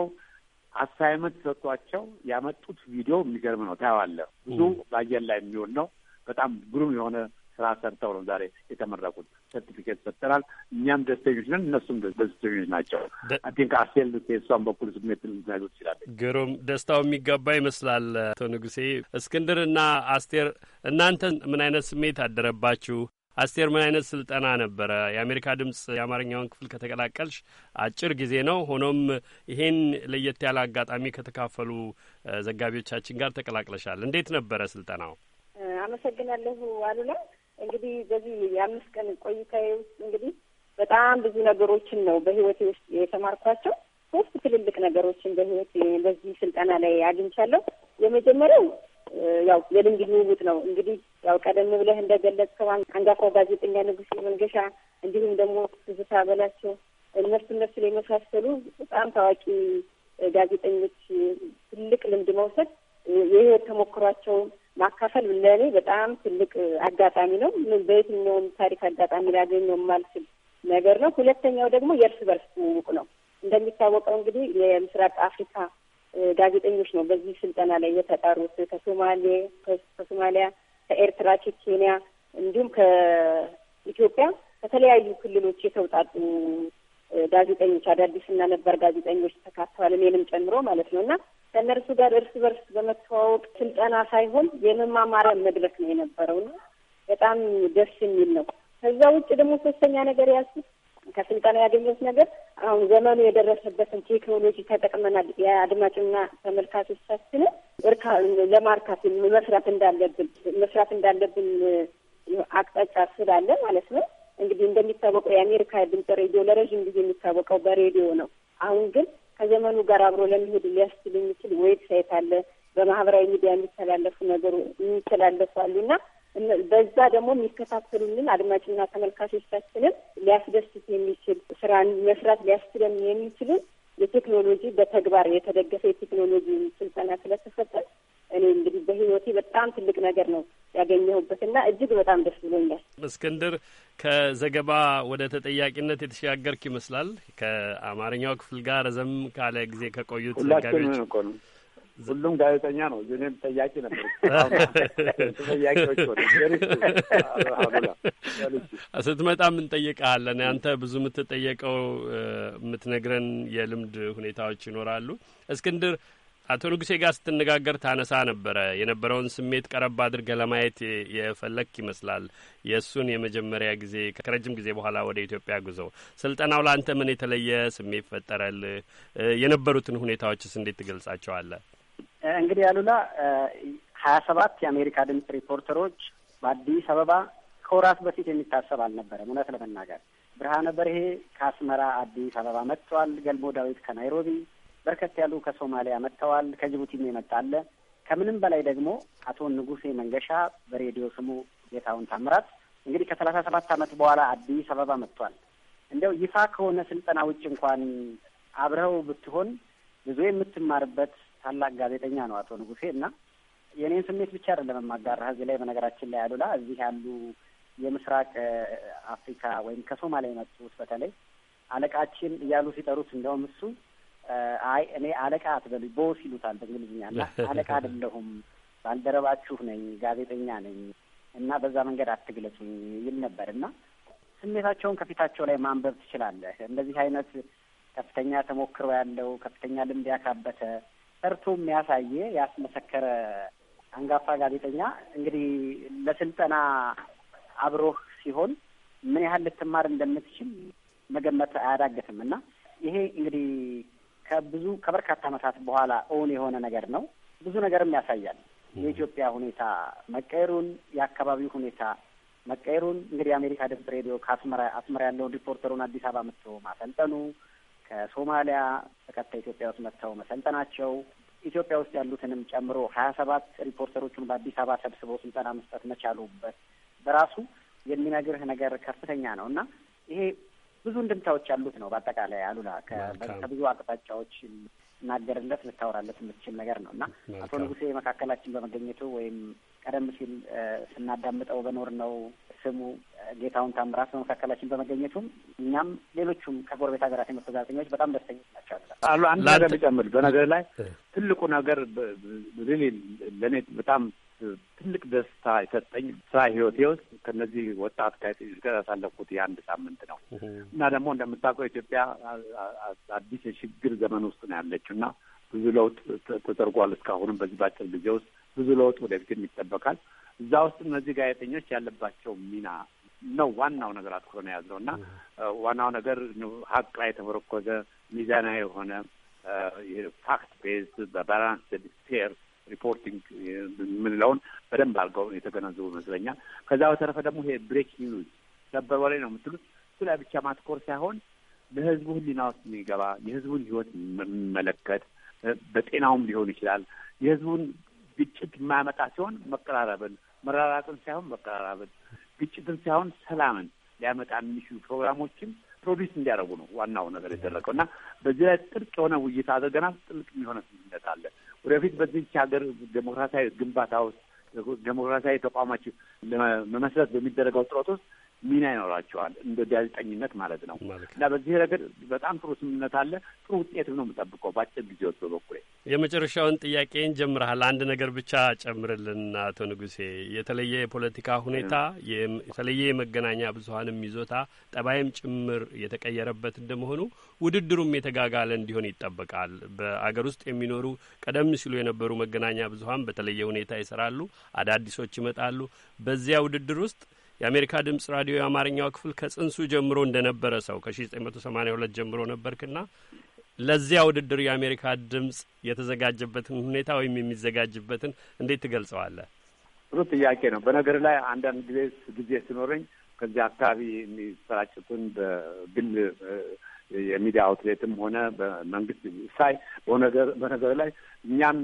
አሳይመንት ሰጥቷቸው ያመጡት ቪዲዮ የሚገርም ነው። ታየዋለህ። ብዙ በአየር ላይ የሚሆን ነው። በጣም ግሩም የሆነ ስራ ሰርተው ነው ዛሬ የተመረቁት። ሰርቲፊኬት ሰጥተናል። እኛም ደስተኞች ነን፣ እነሱም ደስተኞች ናቸው። አይ አስቴል አሴል የእሷን በኩል ስሜት ልትነግሩ ትችላለች። ግሩም ደስታው የሚገባ ይመስላል። አቶ ንጉሴ እስክንድርና አስቴር እናንተ ምን አይነት ስሜት አደረባችሁ? አስቴር ምን አይነት ስልጠና ነበረ? የአሜሪካ ድምጽ የአማርኛውን ክፍል ከተቀላቀልሽ አጭር ጊዜ ነው። ሆኖም ይሄን ለየት ያለ አጋጣሚ ከተካፈሉ ዘጋቢዎቻችን ጋር ተቀላቅለሻል። እንዴት ነበረ ስልጠናው? አመሰግናለሁ አሉላ። እንግዲህ በዚህ የአምስት ቀን ቆይታዬ ውስጥ እንግዲህ በጣም ብዙ ነገሮችን ነው በህይወቴ ውስጥ የተማርኳቸው። ሶስት ትልልቅ ነገሮችን በህይወት በዚህ ስልጠና ላይ አግኝቻለሁ። የመጀመሪያው ያው የልምድ ልውውጥ ነው። እንግዲህ ያው ቀደም ብለህ እንደገለጽከው አንጋፋው ጋዜጠኛ ንጉሴ መንገሻ እንዲሁም ደግሞ ትዝታ በላቸው እነርሱ እነርሱ ላይ የመሳሰሉ በጣም ታዋቂ ጋዜጠኞች ትልቅ ልምድ መውሰድ የህይወት ተሞክሯቸውን ማካፈል ለእኔ በጣም ትልቅ አጋጣሚ ነው። በየትኛውም ታሪክ አጋጣሚ ላገኘው የማልችል ነገር ነው። ሁለተኛው ደግሞ የእርስ በርስ ትውውቅ ነው። እንደሚታወቀው እንግዲህ የምስራቅ አፍሪካ ጋዜጠኞች ነው በዚህ ስልጠና ላይ የተጠሩት ከሶማሌ ከሶማሊያ፣ ከኤርትራ፣ ከኬንያ እንዲሁም ከኢትዮጵያ ከተለያዩ ክልሎች የተውጣጡ ጋዜጠኞች አዳዲስና ነባር ጋዜጠኞች ተካተዋል። እኔንም ጨምሮ ማለት ነው እና ከእነርሱ ጋር እርስ በርስ በመተዋወቅ ስልጠና ሳይሆን የመማማሪያ መድረክ ነው የነበረው የነበረውና በጣም ደስ የሚል ነው። ከዛ ውጭ ደግሞ ሶስተኛ ነገር ያልኩት ከስልጠና ያገኘት ነገር አሁን ዘመኑ የደረሰበትን ቴክኖሎጂ ተጠቅመናል የአድማጭና ተመልካቾቻችን እርካ ለማርካት መስራት እንዳለብን መስራት እንዳለብን አቅጣጫ ስላለ ማለት ነው። እንግዲህ እንደሚታወቀው የአሜሪካ ድምጽ ሬዲዮ ለረዥም ጊዜ የሚታወቀው በሬዲዮ ነው። አሁን ግን ከዘመኑ ጋር አብሮ ለሚሄድ ሊያስችል የሚችል ዌብሳይት አለ። በማህበራዊ ሚዲያ የሚተላለፉ ነገሩ የሚተላለፉ አሉና በዛ ደግሞ የሚከታተሉልን አድማጭና ተመልካቾቻችንን ሊያስደስት የሚችል ስራን መስራት ሊያስችለን የሚችልን የቴክኖሎጂ በተግባር የተደገፈ የቴክኖሎጂ ስልጠና ስለተሰጠን እኔ እንግዲህ በህይወቴ በጣም ትልቅ ነገር ነው ያገኘሁበትና እጅግ በጣም ደስ ብሎኛል። እስክንድር፣ ከዘገባ ወደ ተጠያቂነት የተሻገርክ ይመስላል። ከአማርኛው ክፍል ጋር ረዘም ካለ ጊዜ ከቆዩት ዘጋቢዎች ሁሉም ጋዜጠኛ ነው። እኔም ጠያቂ ነበር። ስትመጣ እንጠይቅሃለን። አንተ ብዙ የምትጠየቀው የምትነግረን የልምድ ሁኔታዎች ይኖራሉ። እስክንድር አቶ ንጉሴ ጋር ስትነጋገር ታነሳ ነበረ የነበረውን ስሜት ቀረብ አድርገ ለማየት የፈለክ ይመስላል። የእሱን የመጀመሪያ ጊዜ ከረጅም ጊዜ በኋላ ወደ ኢትዮጵያ ጉዞ ስልጠናው ለአንተ ምን የተለየ ስሜት ፈጠረል የነበሩትን ሁኔታዎችስ እንዴት ትገልጻቸዋለህ? እንግዲህ አሉላ ሀያ ሰባት የአሜሪካ ድምጽ ሪፖርተሮች በአዲስ አበባ ከወራት በፊት የሚታሰብ አልነበረም። እውነት ለመናገር ብርሃነ በርሄ ከአስመራ አዲስ አበባ መጥቷል። ገልሞ ዳዊት ከናይሮቢ በርከት ያሉ ከሶማሊያ መጥተዋል። ከጅቡቲም የመጣለ ከምንም በላይ ደግሞ አቶ ንጉሴ መንገሻ በሬዲዮ ስሙ ጌታውን ታምራት እንግዲህ ከሰላሳ ሰባት ዓመት በኋላ አዲስ አበባ መጥቷል። እንደው ይፋ ከሆነ ስልጠና ውጭ እንኳን አብረው ብትሆን ብዙ የምትማርበት ታላቅ ጋዜጠኛ ነው አቶ ንጉሴ እና የእኔን ስሜት ብቻ አይደለም የማጋራህ እዚህ ላይ በነገራችን ላይ አሉላ እዚህ ያሉ የምስራቅ አፍሪካ ወይም ከሶማሊያ የመጡት በተለይ አለቃችን እያሉ ሲጠሩት እንደውም እሱ አይ እኔ አለቃ አትበሉ ቦስ ይሉታል በእንግሊዝኛ እና አለቃ አይደለሁም ባልደረባችሁ ነኝ፣ ጋዜጠኛ ነኝ እና በዛ መንገድ አትግለጹኝ ይል ነበር እና ስሜታቸውን ከፊታቸው ላይ ማንበብ ትችላለህ። እንደዚህ አይነት ከፍተኛ ተሞክሮ ያለው ከፍተኛ ልምድ ያካበተ ሰርቶ የሚያሳየ ያስመሰከረ አንጋፋ ጋዜጠኛ እንግዲህ ለስልጠና አብሮህ ሲሆን ምን ያህል ልትማር እንደምትችል መገመት አያዳግትም እና ይሄ እንግዲህ ከብዙ ከበርካታ ዓመታት በኋላ እውን የሆነ ነገር ነው። ብዙ ነገርም ያሳያል። የኢትዮጵያ ሁኔታ መቀየሩን፣ የአካባቢው ሁኔታ መቀየሩን እንግዲህ የአሜሪካ ድምፅ ሬዲዮ ከአስመራ አስመራ ያለውን ሪፖርተሩን አዲስ አበባ መጥቶ ማሰልጠኑ ከሶማሊያ በቀጥታ ኢትዮጵያ ውስጥ መጥተው መሰልጠናቸው ኢትዮጵያ ውስጥ ያሉትንም ጨምሮ ሀያ ሰባት ሪፖርተሮቹን በአዲስ አበባ ሰብስበው ስልጠና መስጠት መቻሉበት በራሱ የሚነግርህ ነገር ከፍተኛ ነው እና ይሄ ብዙ እንድምታዎች ያሉት ነው። በአጠቃላይ አሉላ ከብዙ አቅጣጫዎች ናገርለት ልታወራለት የምትችል ነገር ነው እና አቶ ንጉሴ መካከላችን በመገኘቱ ወይም ቀደም ሲል ስናዳምጠው በኖር ነው ስሙ ጌታውን ታምራት በመካከላችን በመገኘቱም እኛም ሌሎቹም ከጎረቤት ሀገራት የመጡ ጋዜጠኞች በጣም ደስተኞች ናቸው። አሉ አንድ ነገር ብጨምር በነገር ላይ ትልቁ ነገር ለእኔ በጣም ትልቅ ደስታ የሰጠኝ ስራ ህይወቴ ውስጥ ከነዚህ ወጣት ጋዜጠኞች ጋር ያሳለፍኩት የአንድ ሳምንት ነው እና ደግሞ እንደምታውቀው ኢትዮጵያ አዲስ የሽግግር ዘመን ውስጥ ነው ያለችው እና ብዙ ለውጥ ተደርጓል። እስካሁንም በዚህ በአጭር ጊዜ ውስጥ ብዙ ለውጥ ወደፊትም ይጠበቃል። እዛ ውስጥ እነዚህ ጋዜጠኞች ያለባቸው ሚና ነው ዋናው ነገር አትኩሮ ነው የያዝነው እና ዋናው ነገር ሀቅ ላይ የተመረኮዘ ሚዛናዊ የሆነ ፋክት ቤዝ በባላንስ ፌር ሪፖርቲንግ የምንለውን በደንብ አድርገው የተገነዘቡ ይመስለኛል። ከዛ በተረፈ ደግሞ ይሄ ብሬክ ኒውዝ ሰበር ወሬ ነው የምትሉት እሱ ላይ ብቻ ማትኮር ሳይሆን ለህዝቡ ህሊና ውስጥ የሚገባ የህዝቡን ህይወት የሚመለከት በጤናውም ሊሆን ይችላል የህዝቡን ግጭት የማያመጣ ሲሆን መቀራረብን፣ መራራቅን ሳይሆን መቀራረብን፣ ግጭትን ሳይሆን ሰላምን ሊያመጣ የሚችሉ ፕሮግራሞችን ፕሮዲስ እንዲያደርጉ ነው ዋናው ነገር የደረገው እና በዚህ ላይ ጥልቅ የሆነ ውይይት አድርገናል። ጥልቅ የሚሆነ ስምምነት አለ። ወደፊት በዚች ሀገር ዴሞክራሲያዊ ግንባታ ውስጥ ዴሞክራሲያዊ ተቋማችን ለመመስረት በሚደረገው ጥረት ውስጥ ሚና ይኖራቸዋል እንደ ጋዜጠኝነት ማለት ነው። እና በዚህ ረገድ በጣም ጥሩ ስምምነት አለ። ጥሩ ውጤት ነው የምጠብቀው በአጭር ጊዜ ወስዶ በኩሌ። የመጨረሻውን ጥያቄን ጀምረሃል። አንድ ነገር ብቻ ጨምርልን አቶ ንጉሴ። የተለየ የፖለቲካ ሁኔታ፣ የተለየ የመገናኛ ብዙሀንም ይዞታ ጠባይም ጭምር የተቀየረበት እንደመሆኑ ውድድሩም የተጋጋለ እንዲሆን ይጠበቃል። በአገር ውስጥ የሚኖሩ ቀደም ሲሉ የነበሩ መገናኛ ብዙሀን በተለየ ሁኔታ ይሰራሉ፣ አዳዲሶች ይመጣሉ። በዚያ ውድድር ውስጥ የአሜሪካ ድምጽ ራዲዮ የአማርኛው ክፍል ከጽንሱ ጀምሮ እንደነበረ ሰው ከ1982 ጀምሮ ነበርክና ለዚያ ውድድር የአሜሪካ ድምጽ የተዘጋጀበትን ሁኔታ ወይም የሚዘጋጅበትን እንዴት ትገልጸዋለህ? ጥሩ ጥያቄ ነው። በነገር ላይ አንዳንድ ጊዜ ጊዜ ሲኖረኝ ከዚህ አካባቢ የሚሰራጭቱን በግል የሚዲያ አውትሌትም ሆነ በመንግስት ሳይ በነገር ላይ እኛም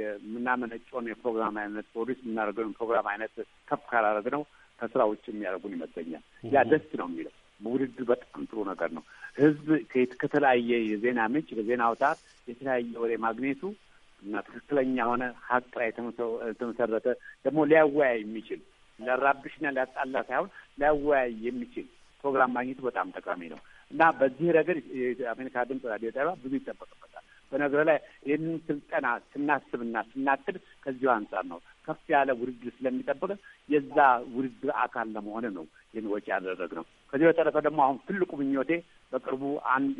የምናመነጨውን የፕሮግራም አይነት ፕሮዲስ የምናደርገውን ፕሮግራም አይነት ከፍ ካላደረግ ነው ከስራ ውጭ የሚያደርጉን ይመስለኛል። ያ ደስ ነው የሚለው ውድድሩ በጣም ጥሩ ነገር ነው። ህዝብ ከተለያየ የዜና ምንጭ በዜና አውታር የተለያየ ወሬ ማግኘቱ እና ትክክለኛ ሆነ ሀቅ ላይ የተመሰረተ ደግሞ ሊያወያይ የሚችል ሊያራብሽና ሊያጣላ ሳይሆን ሊያወያይ የሚችል ፕሮግራም ማግኘቱ በጣም ጠቃሚ ነው እና በዚህ ረገድ የአሜሪካ ድምፅ ራዲዮ ጣቢያ ብዙ ይጠበቅበታል። በነገር ላይ ይህንን ስልጠና ስናስብና ስናቅድ ከዚሁ አንጻር ነው። ከፍ ያለ ውድድር ስለሚጠብቅ የዛ ውድድር አካል ለመሆን ነው ይህን ወጪ ያደረግ ነው። ከዚህ በተረፈ ደግሞ አሁን ትልቁ ምኞቴ በቅርቡ አንድ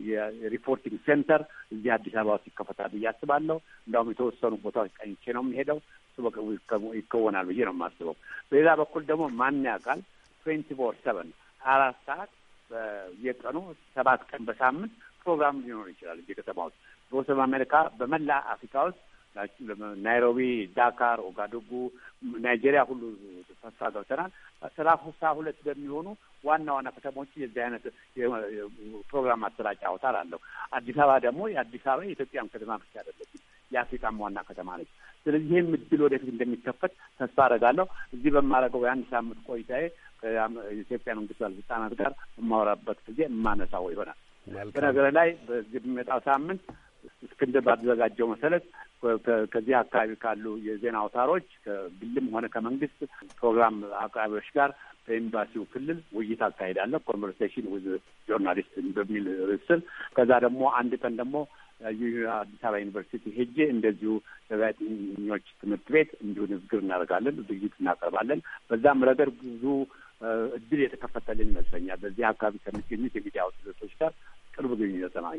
የሪፖርቲንግ ሴንተር እዚህ አዲስ አበባ ውስጥ ይከፈታል ብዬ አስባለሁ። እንዲሁም የተወሰኑ ቦታዎች ቀኝቼ ነው የሚሄደው። እሱ በቅርቡ ይከወናል ብዬ ነው የማስበው። በሌላ በኩል ደግሞ ማን ያውቃል ትዌንቲ ፎር ሰቨን አራት ሰዓት የቀኑ ሰባት ቀን በሳምንት ፕሮግራም ሊኖር ይችላል እዚህ ከተማ ውስጥ በወሰብ አሜሪካ፣ በመላ አፍሪካ ውስጥ ናይሮቢ፣ ዳካር፣ ኦጋዶጉ፣ ናይጄሪያ ሁሉ ተስፋ ገብተናል። ሰላሳ ሁለት በሚሆኑ ዋና ዋና ከተሞች የዚህ አይነት ፕሮግራም ማሰራጫ አውታር አለው። አዲስ አበባ ደግሞ የአዲስ አበባ የኢትዮጵያም ከተማ ብቻ አይደለችም፣ የአፍሪካም ዋና ከተማ ነች። ስለዚህ ይህም እድል ወደፊት እንደሚከፈት ተስፋ አደርጋለሁ። እዚህ በማደርገው የአንድ ሳምንት ቆይታዬ ከኢትዮጵያ መንግስት ባለስልጣናት ጋር በማወራበት ጊዜ የማነሳው ይሆናል። በነገር ላይ በዚህ በሚመጣው ሳምንት እስክንድር ባዘጋጀው መሰረት ከዚህ አካባቢ ካሉ የዜና አውታሮች ከግልም ሆነ ከመንግስት ፕሮግራም አቅራቢዎች ጋር በኤምባሲው ክልል ውይይት አካሄዳለሁ። ኮንቨርሴሽን ዊዝ ጆርናሊስት በሚል ርዕስ ስር ከዛ ደግሞ አንድ ቀን ደግሞ አዲስ አበባ ዩኒቨርሲቲ ሄጄ እንደዚሁ ጋዜጠኞች ትምህርት ቤት እንዲሁ ንግግር እናደርጋለን፣ ዝግጅት እናቀርባለን። በዛም ረገድ ብዙ እድል የተከፈተልን ይመስለኛል። በዚህ አካባቢ ከሚገኙት የሚዲያ አውትሌቶች ጋር ቅርብ ግንኙነት ነው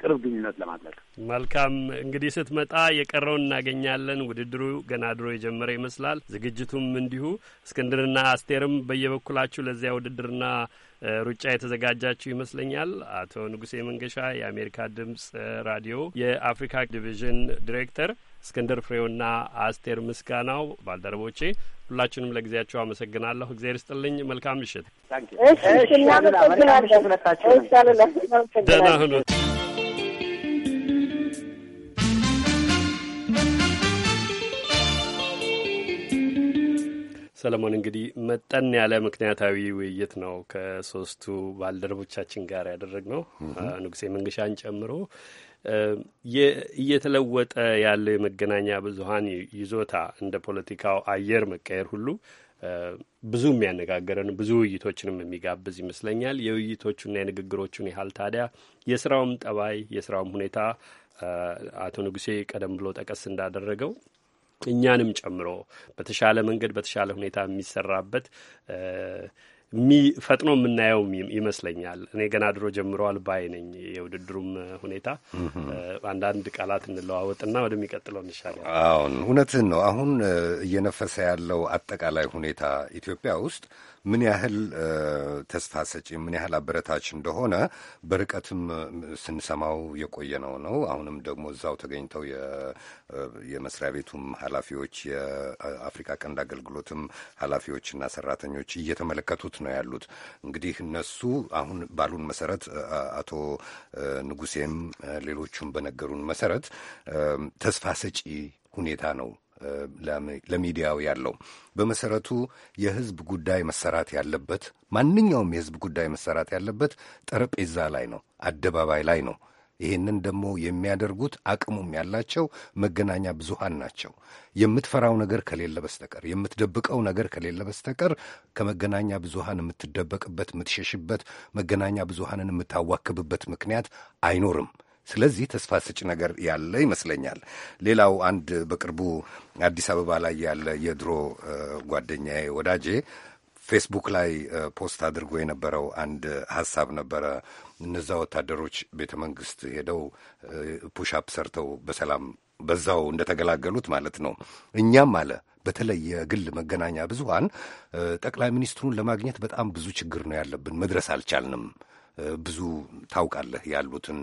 ቅርብ ግንኙነት ለማድረግ መልካም። እንግዲህ ስትመጣ የቀረውን እናገኛለን። ውድድሩ ገና ድሮ የጀመረ ይመስላል። ዝግጅቱም እንዲሁ። እስክንድርና አስቴርም በየበኩላችሁ ለዚያ ውድድርና ሩጫ የተዘጋጃችሁ ይመስለኛል። አቶ ንጉሴ መንገሻ የአሜሪካ ድምጽ ራዲዮ የአፍሪካ ዲቪዥን ዲሬክተር፣ እስክንድር ፍሬውና አስቴር ምስጋናው ባልደረቦቼ ሁላችሁንም ለጊዜያቸው አመሰግናለሁ። እግዜር ስጥልኝ። መልካም ምሽት። ደህና ሁኑ። ሰለሞን እንግዲህ መጠን ያለ ምክንያታዊ ውይይት ነው ከሶስቱ ባልደረቦቻችን ጋር ያደረግነው ንጉሴ መንገሻን ጨምሮ እየተለወጠ ያለው የመገናኛ ብዙሀን ይዞታ እንደ ፖለቲካው አየር መቀየር ሁሉ ብዙ የሚያነጋገረን ብዙ ውይይቶችንም የሚጋብዝ ይመስለኛል። የውይይቶቹና የንግግሮቹን ያህል ታዲያ የስራውም ጠባይ የስራውም ሁኔታ አቶ ንጉሴ ቀደም ብሎ ጠቀስ እንዳደረገው እኛንም ጨምሮ በተሻለ መንገድ በተሻለ ሁኔታ የሚሰራበት ፈጥኖ የምናየው ይመስለኛል። እኔ ገና ድሮ ጀምረዋል ባይ ነኝ። የውድድሩም ሁኔታ አንዳንድ ቃላት እንለዋወጥና ወደሚቀጥለው እንሻለን። አሁን እውነትህን ነው። አሁን እየነፈሰ ያለው አጠቃላይ ሁኔታ ኢትዮጵያ ውስጥ ምን ያህል ተስፋ ሰጪ ምን ያህል አበረታች እንደሆነ በርቀትም ስንሰማው የቆየ ነው ነው አሁንም ደግሞ እዛው ተገኝተው የመስሪያ ቤቱም ኃላፊዎች የአፍሪካ ቀንድ አገልግሎትም ኃላፊዎችና ሰራተኞች እየተመለከቱት ነው ያሉት። እንግዲህ እነሱ አሁን ባሉን መሰረት አቶ ንጉሴም ሌሎቹም በነገሩን መሰረት ተስፋ ሰጪ ሁኔታ ነው ለሚዲያው ያለው። በመሰረቱ የህዝብ ጉዳይ መሰራት ያለበት ማንኛውም የህዝብ ጉዳይ መሰራት ያለበት ጠረጴዛ ላይ ነው፣ አደባባይ ላይ ነው። ይህንን ደግሞ የሚያደርጉት አቅሙም ያላቸው መገናኛ ብዙሃን ናቸው። የምትፈራው ነገር ከሌለ በስተቀር የምትደብቀው ነገር ከሌለ በስተቀር ከመገናኛ ብዙሃን የምትደበቅበት፣ የምትሸሽበት፣ መገናኛ ብዙሃንን የምታዋክብበት ምክንያት አይኖርም። ስለዚህ ተስፋ ሰጭ ነገር ያለ ይመስለኛል። ሌላው አንድ በቅርቡ አዲስ አበባ ላይ ያለ የድሮ ጓደኛዬ ወዳጄ ፌስቡክ ላይ ፖስት አድርጎ የነበረው አንድ ሀሳብ ነበረ። እነዛ ወታደሮች ቤተ መንግስት ሄደው ፑሻፕ ሰርተው በሰላም በዛው እንደተገላገሉት ማለት ነው። እኛም አለ በተለይ የግል መገናኛ ብዙሃን ጠቅላይ ሚኒስትሩን ለማግኘት በጣም ብዙ ችግር ነው ያለብን፣ መድረስ አልቻልንም። ብዙ ታውቃለህ ያሉትን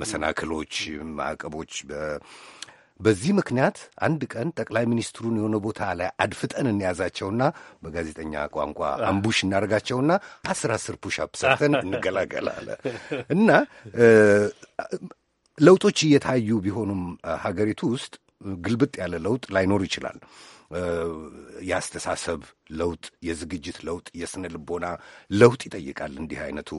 መሰናክሎች፣ ማዕቀቦች በዚህ ምክንያት አንድ ቀን ጠቅላይ ሚኒስትሩን የሆነ ቦታ ላይ አድፍጠን እንያዛቸውና በጋዜጠኛ ቋንቋ አምቡሽ እናደርጋቸውና አስር አስር ፑሽአፕ ሰርተን እንገላገላለ እና ለውጦች እየታዩ ቢሆኑም ሀገሪቱ ውስጥ ግልብጥ ያለ ለውጥ ላይኖር ይችላል። የአስተሳሰብ ለውጥ፣ የዝግጅት ለውጥ፣ የስነ ልቦና ለውጥ ይጠይቃል እንዲህ አይነቱ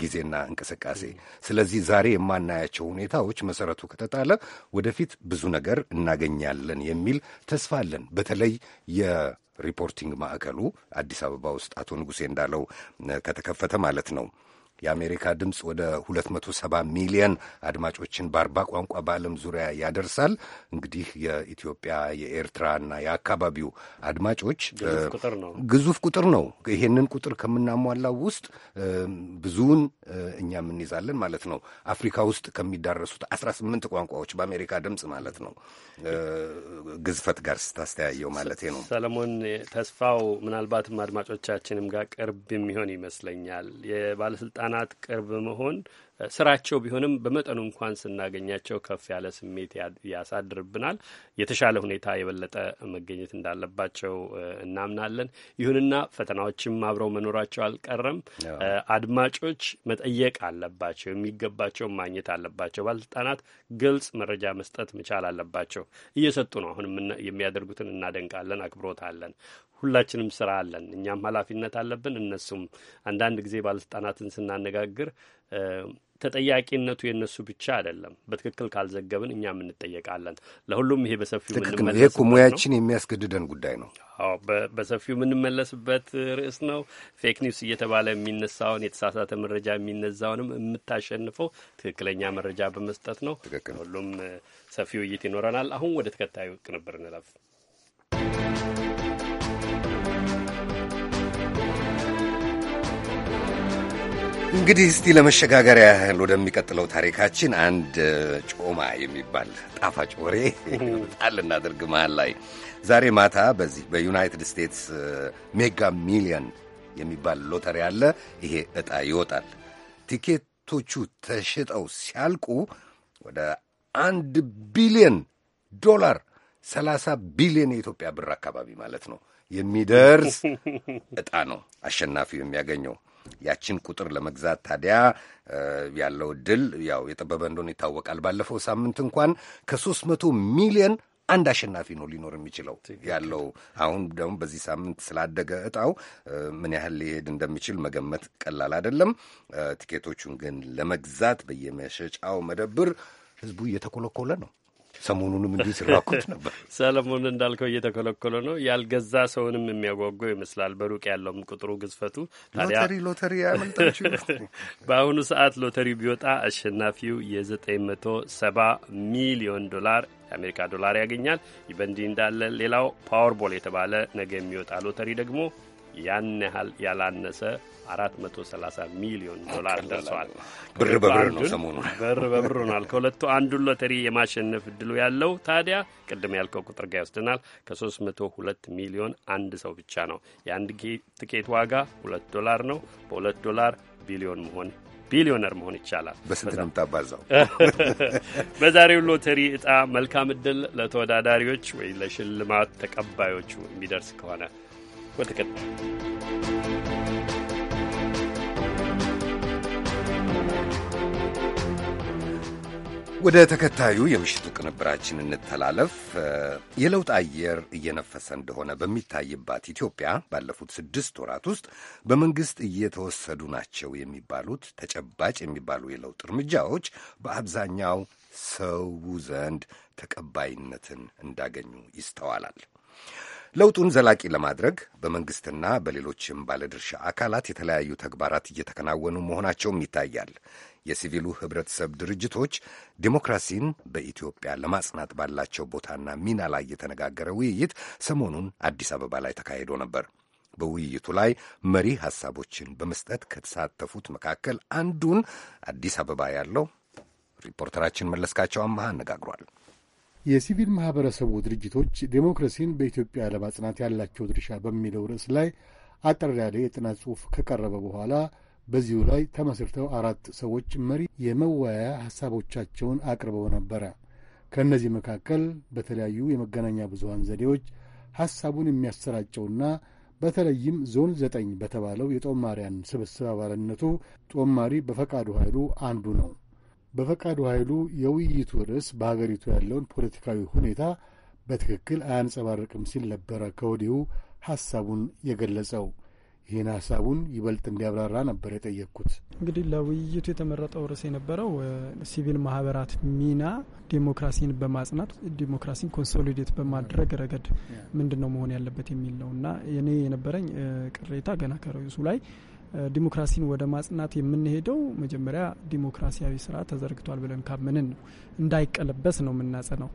ጊዜና እንቅስቃሴ። ስለዚህ ዛሬ የማናያቸው ሁኔታዎች መሰረቱ ከተጣለ ወደፊት ብዙ ነገር እናገኛለን የሚል ተስፋ አለን። በተለይ የሪፖርቲንግ ማዕከሉ አዲስ አበባ ውስጥ አቶ ንጉሴ እንዳለው ከተከፈተ ማለት ነው። የአሜሪካ ድምፅ ወደ 270 ሚሊየን አድማጮችን በአርባ ቋንቋ በዓለም ዙሪያ ያደርሳል። እንግዲህ የኢትዮጵያ የኤርትራና የአካባቢው አድማጮች ግዙፍ ቁጥር ነው። ይሄንን ቁጥር ከምናሟላው ውስጥ ብዙውን እኛ እንይዛለን ማለት ነው። አፍሪካ ውስጥ ከሚዳረሱት 18 ቋንቋዎች በአሜሪካ ድምፅ ማለት ነው ግዝፈት ጋር ስታስተያየው ማለት ነው። ሰለሞን ተስፋው ምናልባትም አድማጮቻችንም ጋር ቅርብ የሚሆን ይመስለኛል የባለስልጣን ለሕፃናት ቅርብ መሆን ስራቸው ቢሆንም በመጠኑ እንኳን ስናገኛቸው ከፍ ያለ ስሜት ያሳድርብናል። የተሻለ ሁኔታ የበለጠ መገኘት እንዳለባቸው እናምናለን። ይሁንና ፈተናዎችም አብረው መኖራቸው አልቀረም። አድማጮች መጠየቅ አለባቸው፣ የሚገባቸው ማግኘት አለባቸው። ባለስልጣናት ግልጽ መረጃ መስጠት መቻል አለባቸው። እየሰጡ ነው። አሁን የሚያደርጉትን እናደንቃለን፣ አክብሮት አለን። ሁላችንም ስራ አለን፣ እኛም ኃላፊነት አለብን። እነሱም አንዳንድ ጊዜ ባለስልጣናትን ስናነጋግር ተጠያቂነቱ የእነሱ ብቻ አይደለም። በትክክል ካልዘገብን እኛም እንጠየቃለን። ለሁሉም ይሄ በሰፊው ይሄ እኮ ሙያችን የሚያስገድደን ጉዳይ ነው። አዎ በሰፊው የምንመለስበት ርዕስ ነው። ፌክ ኒውስ እየተባለ የሚነሳውን የተሳሳተ መረጃ የሚነዛውንም የምታሸንፈው ትክክለኛ መረጃ በመስጠት ነው። ሁሉም ሰፊ ውይይት ይኖረናል። አሁን ወደ ተከታዩ ቅንብር እንለፍ። እንግዲህ እስቲ ለመሸጋገሪያ ያህል ወደሚቀጥለው ታሪካችን አንድ ጮማ የሚባል ጣፋጭ ወሬ ጣል እናድርግ። መሀል ላይ ዛሬ ማታ በዚህ በዩናይትድ ስቴትስ ሜጋ ሚሊየን የሚባል ሎተሪ አለ። ይሄ ዕጣ ይወጣል። ቲኬቶቹ ተሽጠው ሲያልቁ ወደ አንድ ቢሊየን ዶላር 30 ቢሊዮን የኢትዮጵያ ብር አካባቢ ማለት ነው የሚደርስ ዕጣ ነው አሸናፊው የሚያገኘው። ያችን ቁጥር ለመግዛት ታዲያ ያለው እድል ያው የጠበበ እንደሆነ ይታወቃል። ባለፈው ሳምንት እንኳን ከሶስት መቶ ሚሊዮን አንድ አሸናፊ ነው ሊኖር የሚችለው ያለው። አሁን ደግሞ በዚህ ሳምንት ስላደገ እጣው ምን ያህል ሊሄድ እንደሚችል መገመት ቀላል አይደለም። ቲኬቶቹን ግን ለመግዛት በየመሸጫው መደብር ህዝቡ እየተኮለኮለ ነው። ሰሞኑንም እንዲህ ስራኩት ነበር። ሰለሞን እንዳልከው እየተከለከለ ነው። ያልገዛ ሰውንም የሚያጓጓው ይመስላል። በሩቅ ያለውም ቁጥሩ ግዝፈቱ ሎተሪ ሎተሪ ያመልጣችሁ። በአሁኑ ሰዓት ሎተሪ ቢወጣ አሸናፊው የዘጠኝ መቶ ሰባ ሚሊዮን ዶላር የአሜሪካ ዶላር ያገኛል። ይህ በእንዲህ እንዳለ ሌላው ፓወርቦል የተባለ ነገ የሚወጣ ሎተሪ ደግሞ ያን ያህል ያላነሰ 430 ሚሊዮን ዶላር ደርሰዋል። ብር በብር ነው ሰሞኑን ብር በብር ሆኗል። ከሁለቱ አንዱን ሎተሪ የማሸነፍ እድሉ ያለው ታዲያ ቅድም ያልከው ቁጥር ጋር ይወስደናል። ከ302 ሚሊዮን አንድ ሰው ብቻ ነው። የአንድ ትኬት ዋጋ ሁለት ዶላር ነው። በሁለት ዶላር ቢሊዮን መሆን ቢሊዮነር መሆን ይቻላል። በስንት ነው የምታባዛው? በዛሬው ሎተሪ እጣ መልካም እድል ለተወዳዳሪዎች ወይ ለሽልማት ተቀባዮቹ የሚደርስ ከሆነ ወደ ወደ ተከታዩ የምሽቱ ቅንብራችን እንተላለፍ። የለውጥ አየር እየነፈሰ እንደሆነ በሚታይባት ኢትዮጵያ ባለፉት ስድስት ወራት ውስጥ በመንግሥት እየተወሰዱ ናቸው የሚባሉት ተጨባጭ የሚባሉ የለውጥ እርምጃዎች በአብዛኛው ሰው ዘንድ ተቀባይነትን እንዳገኙ ይስተዋላል። ለውጡን ዘላቂ ለማድረግ በመንግሥትና በሌሎችም ባለድርሻ አካላት የተለያዩ ተግባራት እየተከናወኑ መሆናቸውም ይታያል። የሲቪሉ ኅብረተሰብ ድርጅቶች ዲሞክራሲን በኢትዮጵያ ለማጽናት ባላቸው ቦታና ሚና ላይ የተነጋገረ ውይይት ሰሞኑን አዲስ አበባ ላይ ተካሂዶ ነበር። በውይይቱ ላይ መሪ ሐሳቦችን በመስጠት ከተሳተፉት መካከል አንዱን አዲስ አበባ ያለው ሪፖርተራችን መለስካቸው አመሃ አነጋግሯል። የሲቪል ማኅበረሰቡ ድርጅቶች ዴሞክራሲን በኢትዮጵያ ለማጽናት ያላቸው ድርሻ በሚለው ርዕስ ላይ አጠር ያለ የጥናት ጽሑፍ ከቀረበ በኋላ በዚሁ ላይ ተመስርተው አራት ሰዎች መሪ የመወያያ ሐሳቦቻቸውን አቅርበው ነበረ። ከእነዚህ መካከል በተለያዩ የመገናኛ ብዙሐን ዘዴዎች ሐሳቡን የሚያሰራጨውና በተለይም ዞን ዘጠኝ በተባለው የጦማሪያን ስብስብ አባልነቱ ጦማሪ በፈቃዱ ኃይሉ አንዱ ነው። በፈቃዱ ኃይሉ የውይይቱ ርዕስ በሀገሪቱ ያለውን ፖለቲካዊ ሁኔታ በትክክል አያንጸባርቅም ሲል ነበረ ከወዲሁ ሐሳቡን የገለጸው። ይህን ሀሳቡን ይበልጥ እንዲያብራራ ነበር የጠየቅኩት። እንግዲህ ለውይይቱ የተመረጠው ርዕስ የነበረው ሲቪል ማህበራት ሚና ዴሞክራሲን በማጽናት ዴሞክራሲን ኮንሶሊዴት በማድረግ ረገድ ምንድን ነው መሆን ያለበት የሚል ነው እና የኔ የነበረኝ ቅሬታ ገና ከርዕሱ ላይ ዲሞክራሲን ወደ ማጽናት የምንሄደው መጀመሪያ ዲሞክራሲያዊ ስርዓት ተዘርግቷል ብለን ካመንን ነው። እንዳይቀለበስ ነው የምናጸነው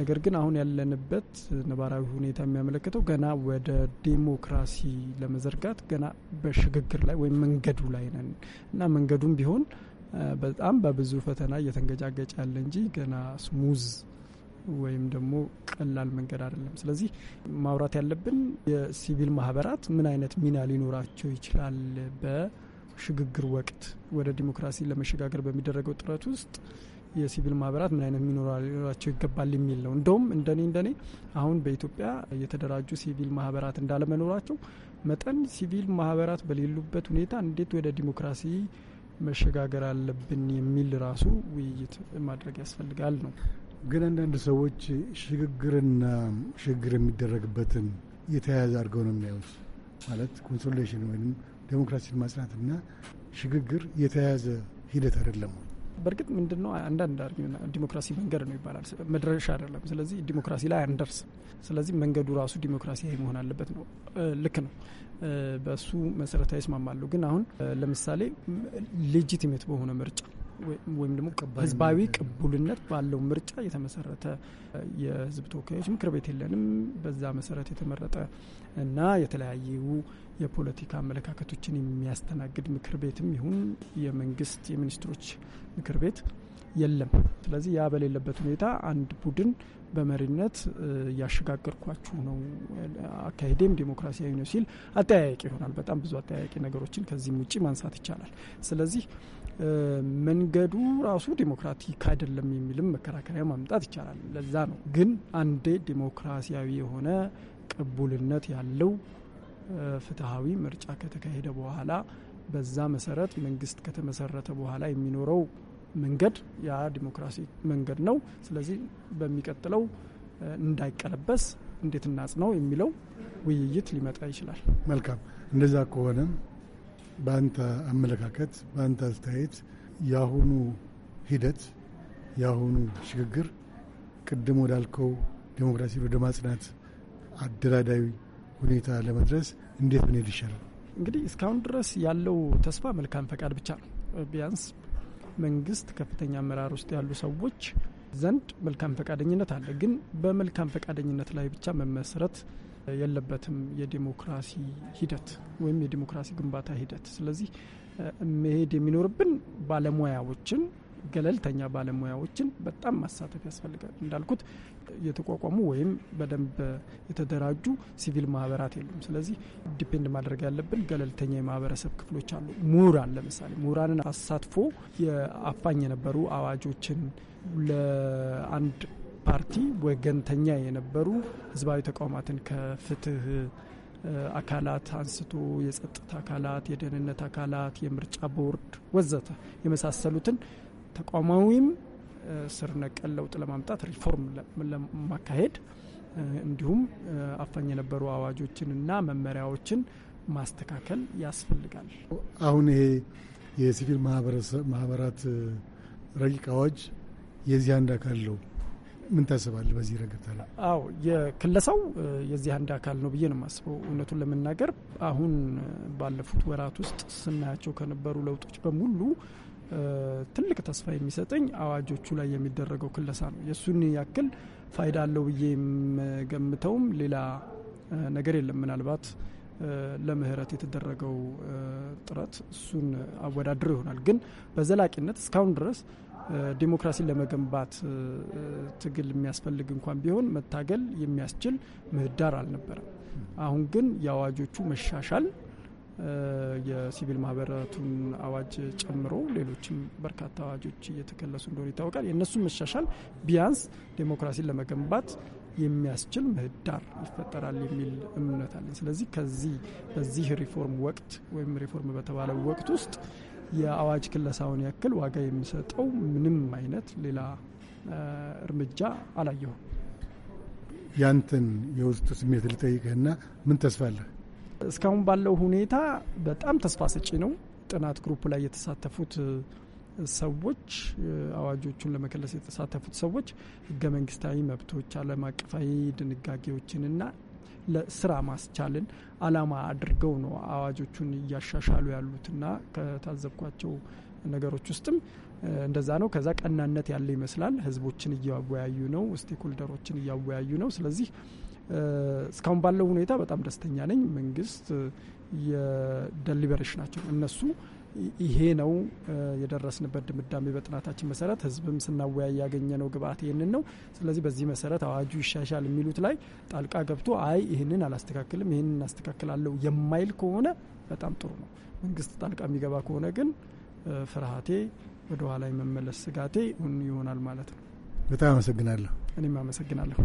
ነገር ግን አሁን ያለንበት ነባራዊ ሁኔታ የሚያመለክተው ገና ወደ ዲሞክራሲ ለመዘርጋት ገና በሽግግር ላይ ወይም መንገዱ ላይ ነን እና መንገዱም ቢሆን በጣም በብዙ ፈተና እየተንገጫገጭ ያለ እንጂ ገና ስሙዝ ወይም ደግሞ ቀላል መንገድ አይደለም። ስለዚህ ማውራት ያለብን የሲቪል ማህበራት ምን አይነት ሚና ሊኖራቸው ይችላል በሽግግር ወቅት ወደ ዲሞክራሲ ለመሸጋገር በሚደረገው ጥረት ውስጥ የሲቪል ማህበራት ምን አይነት ሚኖራ ሊኖራቸው ይገባል የሚል ነው። እንደውም እንደኔ እንደኔ አሁን በኢትዮጵያ የተደራጁ ሲቪል ማህበራት እንዳለመኖራቸው መጠን ሲቪል ማህበራት በሌሉበት ሁኔታ እንዴት ወደ ዲሞክራሲ መሸጋገር አለብን የሚል ራሱ ውይይት ማድረግ ያስፈልጋል ነው። ግን አንዳንድ ሰዎች ሽግግርና ሽግግር የሚደረግበትን የተያያዘ አድርገው ነው የሚያዩት። ማለት ኮንሶሌሽን ወይም ዴሞክራሲን ማጽናትና ሽግግር የተያያዘ ሂደት አይደለም። በእርግጥ ምንድን ነው አንዳንድ ዲሞክራሲ መንገድ ነው ይባላል፣ መድረሻ አይደለም። ስለዚህ ዲሞክራሲ ላይ አንደርስም። ስለዚህ መንገዱ ራሱ ዲሞክራሲ መሆን አለበት ነው። ልክ ነው። በሱ መሰረታዊ ይስማማሉ። ግን አሁን ለምሳሌ ሌጂቲሜት በሆነ ምርጫ ወይም ደግሞ ህዝባዊ ቅቡልነት ባለው ምርጫ የተመሰረተ የህዝብ ተወካዮች ምክር ቤት የለንም። በዛ መሰረት የተመረጠ እና የተለያዩ የፖለቲካ አመለካከቶችን የሚያስተናግድ ምክር ቤትም ይሁን የመንግስት የሚኒስትሮች ምክር ቤት የለም። ስለዚህ ያ በሌለበት ሁኔታ አንድ ቡድን በመሪነት እያሸጋገርኳችሁ ነው፣ አካሄዴም ዴሞክራሲያዊ ነው ሲል አጠያያቂ ይሆናል። በጣም ብዙ አጠያያቂ ነገሮችን ከዚህም ውጭ ማንሳት ይቻላል። ስለዚህ መንገዱ ራሱ ዴሞክራቲክ አይደለም የሚልም መከራከሪያ ማምጣት ይቻላል። ለዛ ነው ግን አንዴ ዴሞክራሲያዊ የሆነ ቅቡልነት ያለው ፍትሐዊ ምርጫ ከተካሄደ በኋላ በዛ መሰረት መንግስት ከተመሰረተ በኋላ የሚኖረው መንገድ ያ ዲሞክራሲ መንገድ ነው። ስለዚህ በሚቀጥለው እንዳይቀለበስ እንዴት እናጽናው የሚለው ውይይት ሊመጣ ይችላል። መልካም እንደዛ ከሆነ በአንተ አመለካከት፣ በአንተ አስተያየት የአሁኑ ሂደት የአሁኑ ሽግግር ቅድም ወዳልከው ዴሞክራሲ ወደ ማጽናት አደላዳዊ ሁኔታ ለመድረስ እንዴት ብንሄድ ይሻላል? እንግዲህ እስካሁን ድረስ ያለው ተስፋ መልካም ፈቃድ ብቻ ነው። ቢያንስ መንግስት ከፍተኛ አመራር ውስጥ ያሉ ሰዎች ዘንድ መልካም ፈቃደኝነት አለ። ግን በመልካም ፈቃደኝነት ላይ ብቻ መመስረት የለበትም የዲሞክራሲ ሂደት ወይም የዲሞክራሲ ግንባታ ሂደት። ስለዚህ መሄድ የሚኖርብን ባለሙያዎችን ገለልተኛ ባለሙያዎችን በጣም ማሳተፍ ያስፈልጋል። እንዳልኩት የተቋቋሙ ወይም በደንብ የተደራጁ ሲቪል ማህበራት የሉም። ስለዚህ ዲፔንድ ማድረግ ያለብን ገለልተኛ የማህበረሰብ ክፍሎች አሉ። ምሁራን፣ ለምሳሌ ምሁራንን አሳትፎ የአፋኝ የነበሩ አዋጆችን ለአንድ ፓርቲ ወገንተኛ የነበሩ ህዝባዊ ተቋማትን ከፍትህ አካላት አንስቶ የጸጥታ አካላት፣ የደህንነት አካላት፣ የምርጫ ቦርድ ወዘተ የመሳሰሉትን ተቋማዊም ስር ነቀል ለውጥ ለማምጣት ሪፎርም ለማካሄድ እንዲሁም አፋኝ የነበሩ አዋጆችን እና መመሪያዎችን ማስተካከል ያስፈልጋል። አሁን ይሄ የሲቪል ማህበራት ረቂቅ አዋጅ የዚህ አንድ አካል ነው። ምን ታስባለህ በዚህ ረገድ ታዲያ? አዎ የክለሳው የዚህ አንድ አካል ነው ብዬ ነው የማስበው። እውነቱን ለመናገር አሁን ባለፉት ወራት ውስጥ ስናያቸው ከነበሩ ለውጦች በሙሉ ትልቅ ተስፋ የሚሰጠኝ አዋጆቹ ላይ የሚደረገው ክለሳ ነው። የእሱን ያክል ፋይዳ አለው ብዬ የምገምተውም ሌላ ነገር የለም። ምናልባት ለምህረት የተደረገው ጥረት እሱን አወዳድረው ይሆናል። ግን በዘላቂነት እስካሁን ድረስ ዲሞክራሲን ለመገንባት ትግል የሚያስፈልግ እንኳን ቢሆን መታገል የሚያስችል ምህዳር አልነበረም። አሁን ግን የአዋጆቹ መሻሻል የሲቪል ማህበራቱን አዋጅ ጨምሮ ሌሎችም በርካታ አዋጆች እየተከለሱ እንደሆነ ይታወቃል። የእነሱን መሻሻል ቢያንስ ዴሞክራሲን ለመገንባት የሚያስችል ምህዳር ይፈጠራል የሚል እምነት አለን። ስለዚህ ከዚህ በዚህ ሪፎርም ወቅት ወይም ሪፎርም በተባለው ወቅት ውስጥ የአዋጅ ክለሳውን ያክል ዋጋ የሚሰጠው ምንም አይነት ሌላ እርምጃ አላየሁም። ያንተን የውስጥ ስሜት ልጠይቅህና ምን ተስፋ አለህ? እስካሁን ባለው ሁኔታ በጣም ተስፋ ሰጪ ነው። ጥናት ግሩፕ ላይ የተሳተፉት ሰዎች አዋጆቹን ለመከለስ የተሳተፉት ሰዎች ህገ መንግስታዊ መብቶች፣ ዓለም አቀፋዊ ድንጋጌዎችንና ለስራ ማስቻልን አላማ አድርገው ነው አዋጆቹን እያሻሻሉ ያሉትና ከታዘብኳቸው ነገሮች ውስጥም እንደዛ ነው። ከዛ ቀናነት ያለ ይመስላል። ህዝቦችን እያወያዩ ነው። ስቴክሆልደሮችን እያወያዩ ነው። ስለዚህ እስካሁን ባለው ሁኔታ በጣም ደስተኛ ነኝ። መንግስት የደሊበሬሽ ናቸው እነሱ ይሄ ነው የደረስንበት ድምዳሜ በጥናታችን መሰረት ህዝብም ስናወያይ ነው ግብአት ይህንን ነው። ስለዚህ በዚህ መሰረት አዋጁ ይሻሻል የሚሉት ላይ ጣልቃ ገብቶ አይ ይህንን አላስተካክልም ይህንን እናስተካክላለሁ የማይል ከሆነ በጣም ጥሩ ነው። መንግስት ጣልቃ የሚገባ ከሆነ ግን ፍርሃቴ ወደኋላ የመመለስ ስጋቴ ይሆናል ማለት ነው። በጣም አመሰግናለሁ። እኔም አመሰግናለሁ።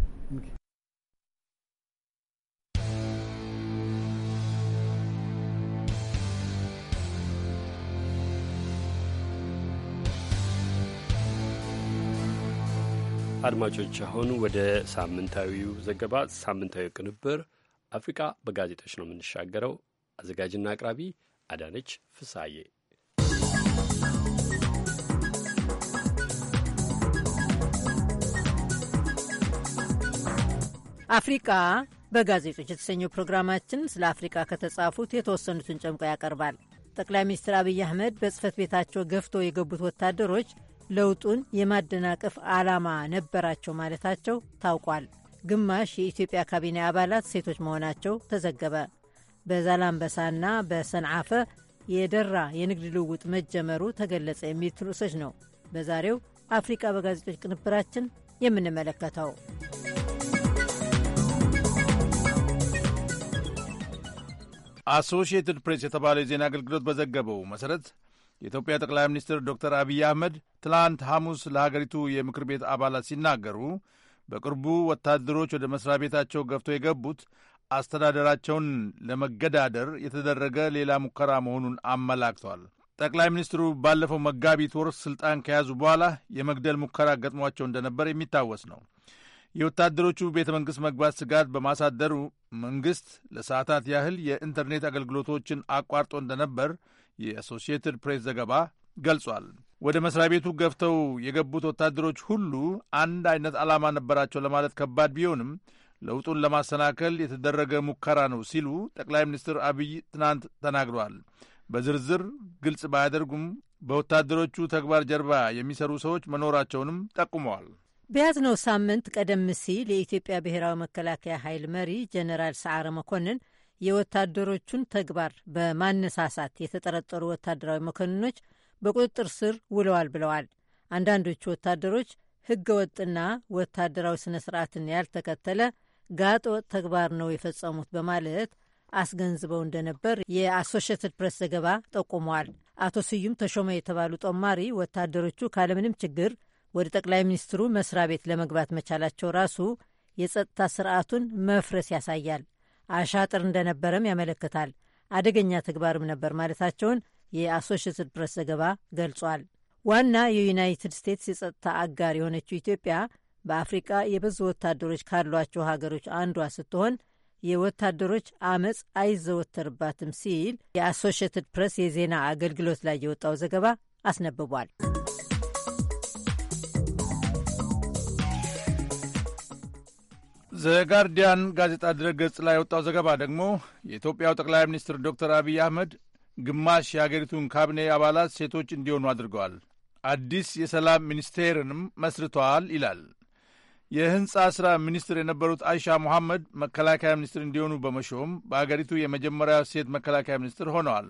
አድማጮች፣ አሁን ወደ ሳምንታዊው ዘገባ ሳምንታዊ ቅንብር አፍሪቃ በጋዜጦች ነው የምንሻገረው። አዘጋጅና አቅራቢ አዳነች ፍሳዬ። አፍሪቃ በጋዜጦች የተሰኘው ፕሮግራማችን ስለ አፍሪቃ ከተጻፉት የተወሰኑትን ጨምቆ ያቀርባል። ጠቅላይ ሚኒስትር አብይ አህመድ በጽህፈት ቤታቸው ገፍቶ የገቡት ወታደሮች ለውጡን የማደናቀፍ ዓላማ ነበራቸው ማለታቸው ታውቋል። ግማሽ የኢትዮጵያ ካቢኔ አባላት ሴቶች መሆናቸው ተዘገበ። በዛላምበሳና በሰንዓፈ የደራ የንግድ ልውውጥ መጀመሩ ተገለጸ። የሚሉት ርዕሶች ነው በዛሬው አፍሪቃ በጋዜጦች ቅንብራችን የምንመለከተው። አሶሺየትድ ፕሬስ የተባለው የዜና አገልግሎት በዘገበው መሠረት የኢትዮጵያ ጠቅላይ ሚኒስትር ዶክተር አብይ አህመድ ትላንት ሐሙስ ለሀገሪቱ የምክር ቤት አባላት ሲናገሩ በቅርቡ ወታደሮች ወደ መሥሪያ ቤታቸው ገፍተው የገቡት አስተዳደራቸውን ለመገዳደር የተደረገ ሌላ ሙከራ መሆኑን አመላክቷል። ጠቅላይ ሚኒስትሩ ባለፈው መጋቢት ወር ስልጣን ከያዙ በኋላ የመግደል ሙከራ ገጥሟቸው እንደነበር የሚታወስ ነው። የወታደሮቹ ቤተ መንግሥት መግባት ስጋት በማሳደሩ መንግሥት ለሰዓታት ያህል የኢንተርኔት አገልግሎቶችን አቋርጦ እንደነበር የአሶሺየትድ ፕሬስ ዘገባ ገልጿል። ወደ መስሪያ ቤቱ ገፍተው የገቡት ወታደሮች ሁሉ አንድ አይነት ዓላማ ነበራቸው ለማለት ከባድ ቢሆንም ለውጡን ለማሰናከል የተደረገ ሙከራ ነው ሲሉ ጠቅላይ ሚኒስትር አብይ ትናንት ተናግረዋል። በዝርዝር ግልጽ ባያደርጉም በወታደሮቹ ተግባር ጀርባ የሚሰሩ ሰዎች መኖራቸውንም ጠቁመዋል። በያዝነው ሳምንት ቀደም ሲል የኢትዮጵያ ብሔራዊ መከላከያ ኃይል መሪ ጀነራል ሰዓረ መኮንን የወታደሮቹን ተግባር በማነሳሳት የተጠረጠሩ ወታደራዊ መኮንኖች በቁጥጥር ስር ውለዋል ብለዋል። አንዳንዶቹ ወታደሮች ወጥና ወታደራዊ ስነ ስርዓትን ያልተከተለ ጋጦ ተግባር ነው የፈጸሙት በማለት አስገንዝበው እንደነበር የአሶሽትድ ፕሬስ ዘገባ ጠቁመዋል። አቶ ስዩም ተሾመ የተባሉ ጦማሪ ወታደሮቹ ካለምንም ችግር ወደ ጠቅላይ ሚኒስትሩ መስሪያ ቤት ለመግባት መቻላቸው ራሱ የጸጥታ ስርዓቱን መፍረስ ያሳያል አሻጥር እንደነበረም ያመለክታል። አደገኛ ተግባርም ነበር ማለታቸውን የአሶሽትድ ፕሬስ ዘገባ ገልጿል። ዋና የዩናይትድ ስቴትስ የጸጥታ አጋር የሆነችው ኢትዮጵያ በአፍሪቃ የብዙ ወታደሮች ካሏቸው ሀገሮች አንዷ ስትሆን የወታደሮች አመፅ አይዘወተርባትም ሲል የአሶሽትድ ፕሬስ የዜና አገልግሎት ላይ የወጣው ዘገባ አስነብቧል። ዘጋርዲያን ጋዜጣ ድረገጽ ላይ የወጣው ዘገባ ደግሞ የኢትዮጵያው ጠቅላይ ሚኒስትር ዶክተር አብይ አህመድ ግማሽ የአገሪቱን ካቢኔ አባላት ሴቶች እንዲሆኑ አድርገዋል፣ አዲስ የሰላም ሚኒስቴርንም መስርተዋል ይላል። የህንፃ ሥራ ሚኒስትር የነበሩት አይሻ ሙሐመድ መከላከያ ሚኒስትር እንዲሆኑ በመሾም በአገሪቱ የመጀመሪያ ሴት መከላከያ ሚኒስትር ሆነዋል።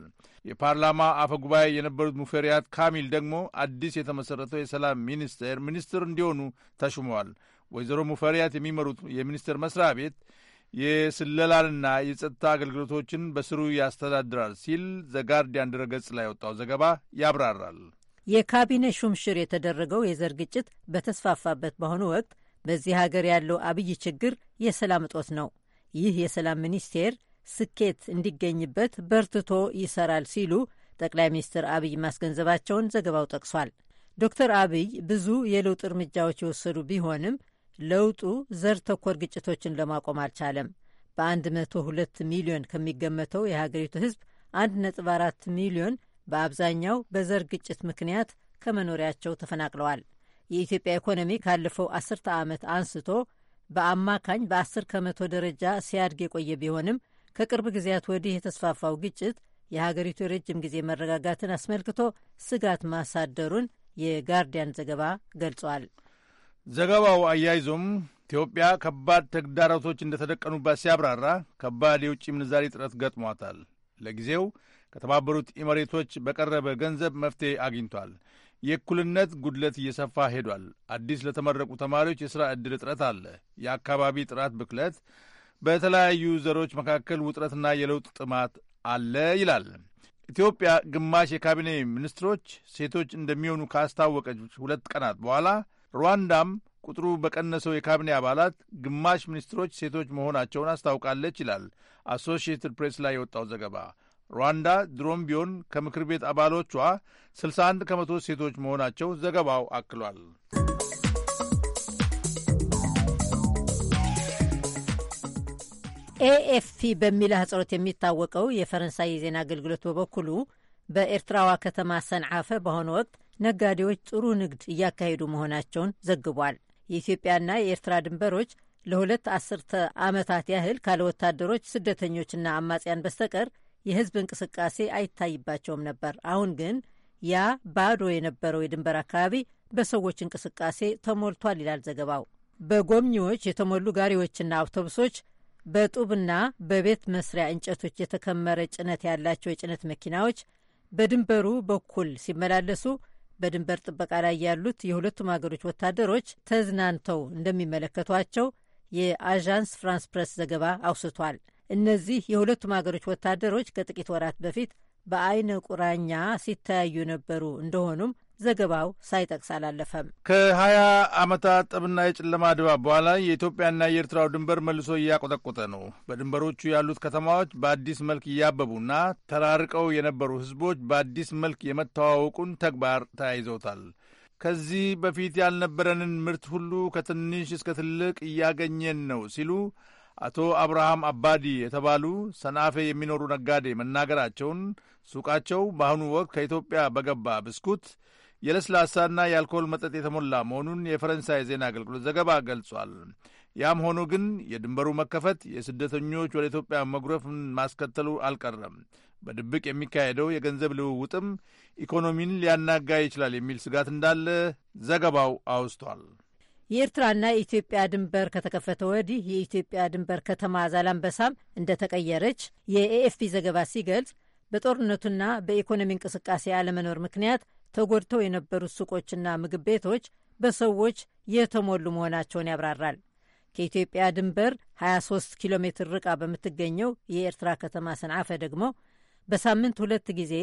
የፓርላማ አፈ ጉባኤ የነበሩት ሙፈሪያት ካሚል ደግሞ አዲስ የተመሠረተው የሰላም ሚኒስቴር ሚኒስትር እንዲሆኑ ተሹመዋል። ወይዘሮ ሙፈሪያት የሚመሩት የሚኒስቴር መስሪያ ቤት የስለላንና የጸጥታ አገልግሎቶችን በስሩ ያስተዳድራል ሲል ዘጋርዲያን ድረገጽ ላይ ወጣው ዘገባ ያብራራል። የካቢኔ ሹምሽር የተደረገው የዘር ግጭት በተስፋፋበት በአሁኑ ወቅት በዚህ ሀገር ያለው አብይ ችግር የሰላም እጦት ነው። ይህ የሰላም ሚኒስቴር ስኬት እንዲገኝበት በርትቶ ይሰራል ሲሉ ጠቅላይ ሚኒስትር አብይ ማስገንዘባቸውን ዘገባው ጠቅሷል። ዶክተር አብይ ብዙ የለውጥ እርምጃዎች የወሰዱ ቢሆንም ለውጡ ዘር ተኮር ግጭቶችን ለማቆም አልቻለም። በ102 ሚሊዮን ከሚገመተው የሀገሪቱ ህዝብ 1.4 ሚሊዮን በአብዛኛው በዘር ግጭት ምክንያት ከመኖሪያቸው ተፈናቅለዋል። የኢትዮጵያ ኢኮኖሚ ካለፈው አስርተ ዓመት አንስቶ በአማካኝ በ10 ከመቶ ደረጃ ሲያድግ የቆየ ቢሆንም ከቅርብ ጊዜያት ወዲህ የተስፋፋው ግጭት የሀገሪቱ የረጅም ጊዜ መረጋጋትን አስመልክቶ ስጋት ማሳደሩን የጋርዲያን ዘገባ ገልጿል። ዘገባው አያይዞም ኢትዮጵያ ከባድ ተግዳሮቶች እንደተደቀኑባት ሲያብራራ ከባድ የውጭ ምንዛሪ እጥረት ገጥሟታል። ለጊዜው ከተባበሩት ኢመሬቶች በቀረበ ገንዘብ መፍትሄ አግኝቷል። የእኩልነት ጉድለት እየሰፋ ሄዷል። አዲስ ለተመረቁ ተማሪዎች የሥራ ዕድል እጥረት አለ። የአካባቢ ጥራት ብክለት፣ በተለያዩ ዘሮች መካከል ውጥረትና የለውጥ ጥማት አለ ይላል። ኢትዮጵያ ግማሽ የካቢኔ ሚኒስትሮች ሴቶች እንደሚሆኑ ካስታወቀች ሁለት ቀናት በኋላ ሩዋንዳም ቁጥሩ በቀነሰው የካቢኔ አባላት ግማሽ ሚኒስትሮች ሴቶች መሆናቸውን አስታውቃለች ይላል አሶሺየትድ ፕሬስ ላይ የወጣው ዘገባ። ሩዋንዳ ድሮም ቢሆን ከምክር ቤት አባሎቿ 61 ከመቶ ሴቶች መሆናቸው ዘገባው አክሏል። ኤኤፍፒ በሚል አህጽሮት የሚታወቀው የፈረንሳይ የዜና አገልግሎት በበኩሉ በኤርትራዋ ከተማ ሰንዓፈ በአሁኑ ወቅት ነጋዴዎች ጥሩ ንግድ እያካሄዱ መሆናቸውን ዘግቧል። የኢትዮጵያና የኤርትራ ድንበሮች ለሁለት አስርተ ዓመታት ያህል ካለ ወታደሮች ስደተኞችና አማጽያን በስተቀር የህዝብ እንቅስቃሴ አይታይባቸውም ነበር። አሁን ግን ያ ባዶ የነበረው የድንበር አካባቢ በሰዎች እንቅስቃሴ ተሞልቷል ይላል ዘገባው። በጎብኚዎች የተሞሉ ጋሪዎችና አውቶቡሶች፣ በጡብና በቤት መስሪያ እንጨቶች የተከመረ ጭነት ያላቸው የጭነት መኪናዎች በድንበሩ በኩል ሲመላለሱ በድንበር ጥበቃ ላይ ያሉት የሁለቱም ሀገሮች ወታደሮች ተዝናንተው እንደሚመለከቷቸው የአዣንስ ፍራንስ ፕረስ ዘገባ አውስቷል። እነዚህ የሁለቱም ሀገሮች ወታደሮች ከጥቂት ወራት በፊት በአይነ ቁራኛ ሲተያዩ ነበሩ እንደሆኑም ዘገባው ሳይጠቅስ አላለፈም። ከሀያ ዓመታት ጠብና የጨለማ ድባብ በኋላ የኢትዮጵያና የኤርትራው ድንበር መልሶ እያቆጠቆጠ ነው። በድንበሮቹ ያሉት ከተማዎች በአዲስ መልክ እያበቡና ተራርቀው የነበሩ ሕዝቦች በአዲስ መልክ የመተዋወቁን ተግባር ተያይዘውታል። ከዚህ በፊት ያልነበረንን ምርት ሁሉ ከትንሽ እስከ ትልቅ እያገኘን ነው ሲሉ አቶ አብርሃም አባዲ የተባሉ ሰናፌ የሚኖሩ ነጋዴ መናገራቸውን ሱቃቸው በአሁኑ ወቅት ከኢትዮጵያ በገባ ብስኩት የለስላሳና የአልኮል መጠጥ የተሞላ መሆኑን የፈረንሳይ ዜና አገልግሎት ዘገባ ገልጿል። ያም ሆኖ ግን የድንበሩ መከፈት የስደተኞች ወደ ኢትዮጵያ መጉረፍን ማስከተሉ አልቀረም። በድብቅ የሚካሄደው የገንዘብ ልውውጥም ኢኮኖሚን ሊያናጋ ይችላል የሚል ስጋት እንዳለ ዘገባው አውስቷል። የኤርትራና የኢትዮጵያ ድንበር ከተከፈተ ወዲህ የኢትዮጵያ ድንበር ከተማ ዛላንበሳም እንደተቀየረች የኤኤፍፒ ዘገባ ሲገልጽ በጦርነቱና በኢኮኖሚ እንቅስቃሴ አለመኖር ምክንያት ተጎድተው የነበሩት ሱቆችና ምግብ ቤቶች በሰዎች የተሞሉ መሆናቸውን ያብራራል። ከኢትዮጵያ ድንበር 23 ኪሎ ሜትር ርቃ በምትገኘው የኤርትራ ከተማ ሰንዓፈ ደግሞ በሳምንት ሁለት ጊዜ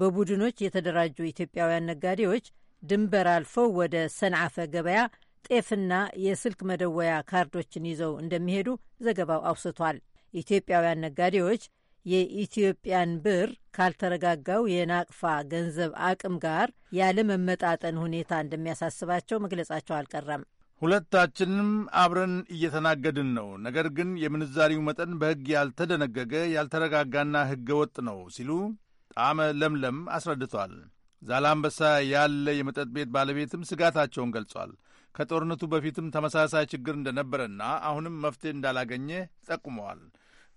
በቡድኖች የተደራጁ ኢትዮጵያውያን ነጋዴዎች ድንበር አልፈው ወደ ሰንዓፈ ገበያ ጤፍና የስልክ መደወያ ካርዶችን ይዘው እንደሚሄዱ ዘገባው አውስቷል። ኢትዮጵያውያን ነጋዴዎች የኢትዮጵያን ብር ካልተረጋጋው የናቅፋ ገንዘብ አቅም ጋር ያለመመጣጠን ሁኔታ እንደሚያሳስባቸው መግለጻቸው አልቀረም። ሁለታችንም አብረን እየተናገድን ነው። ነገር ግን የምንዛሪው መጠን በሕግ ያልተደነገገ ያልተረጋጋና ሕገ ወጥ ነው ሲሉ ጣመ ለምለም አስረድቷል። ዛላምበሳ ያለ የመጠጥ ቤት ባለቤትም ስጋታቸውን ገልጿል። ከጦርነቱ በፊትም ተመሳሳይ ችግር እንደነበረና አሁንም መፍትሄ እንዳላገኘ ጠቁመዋል።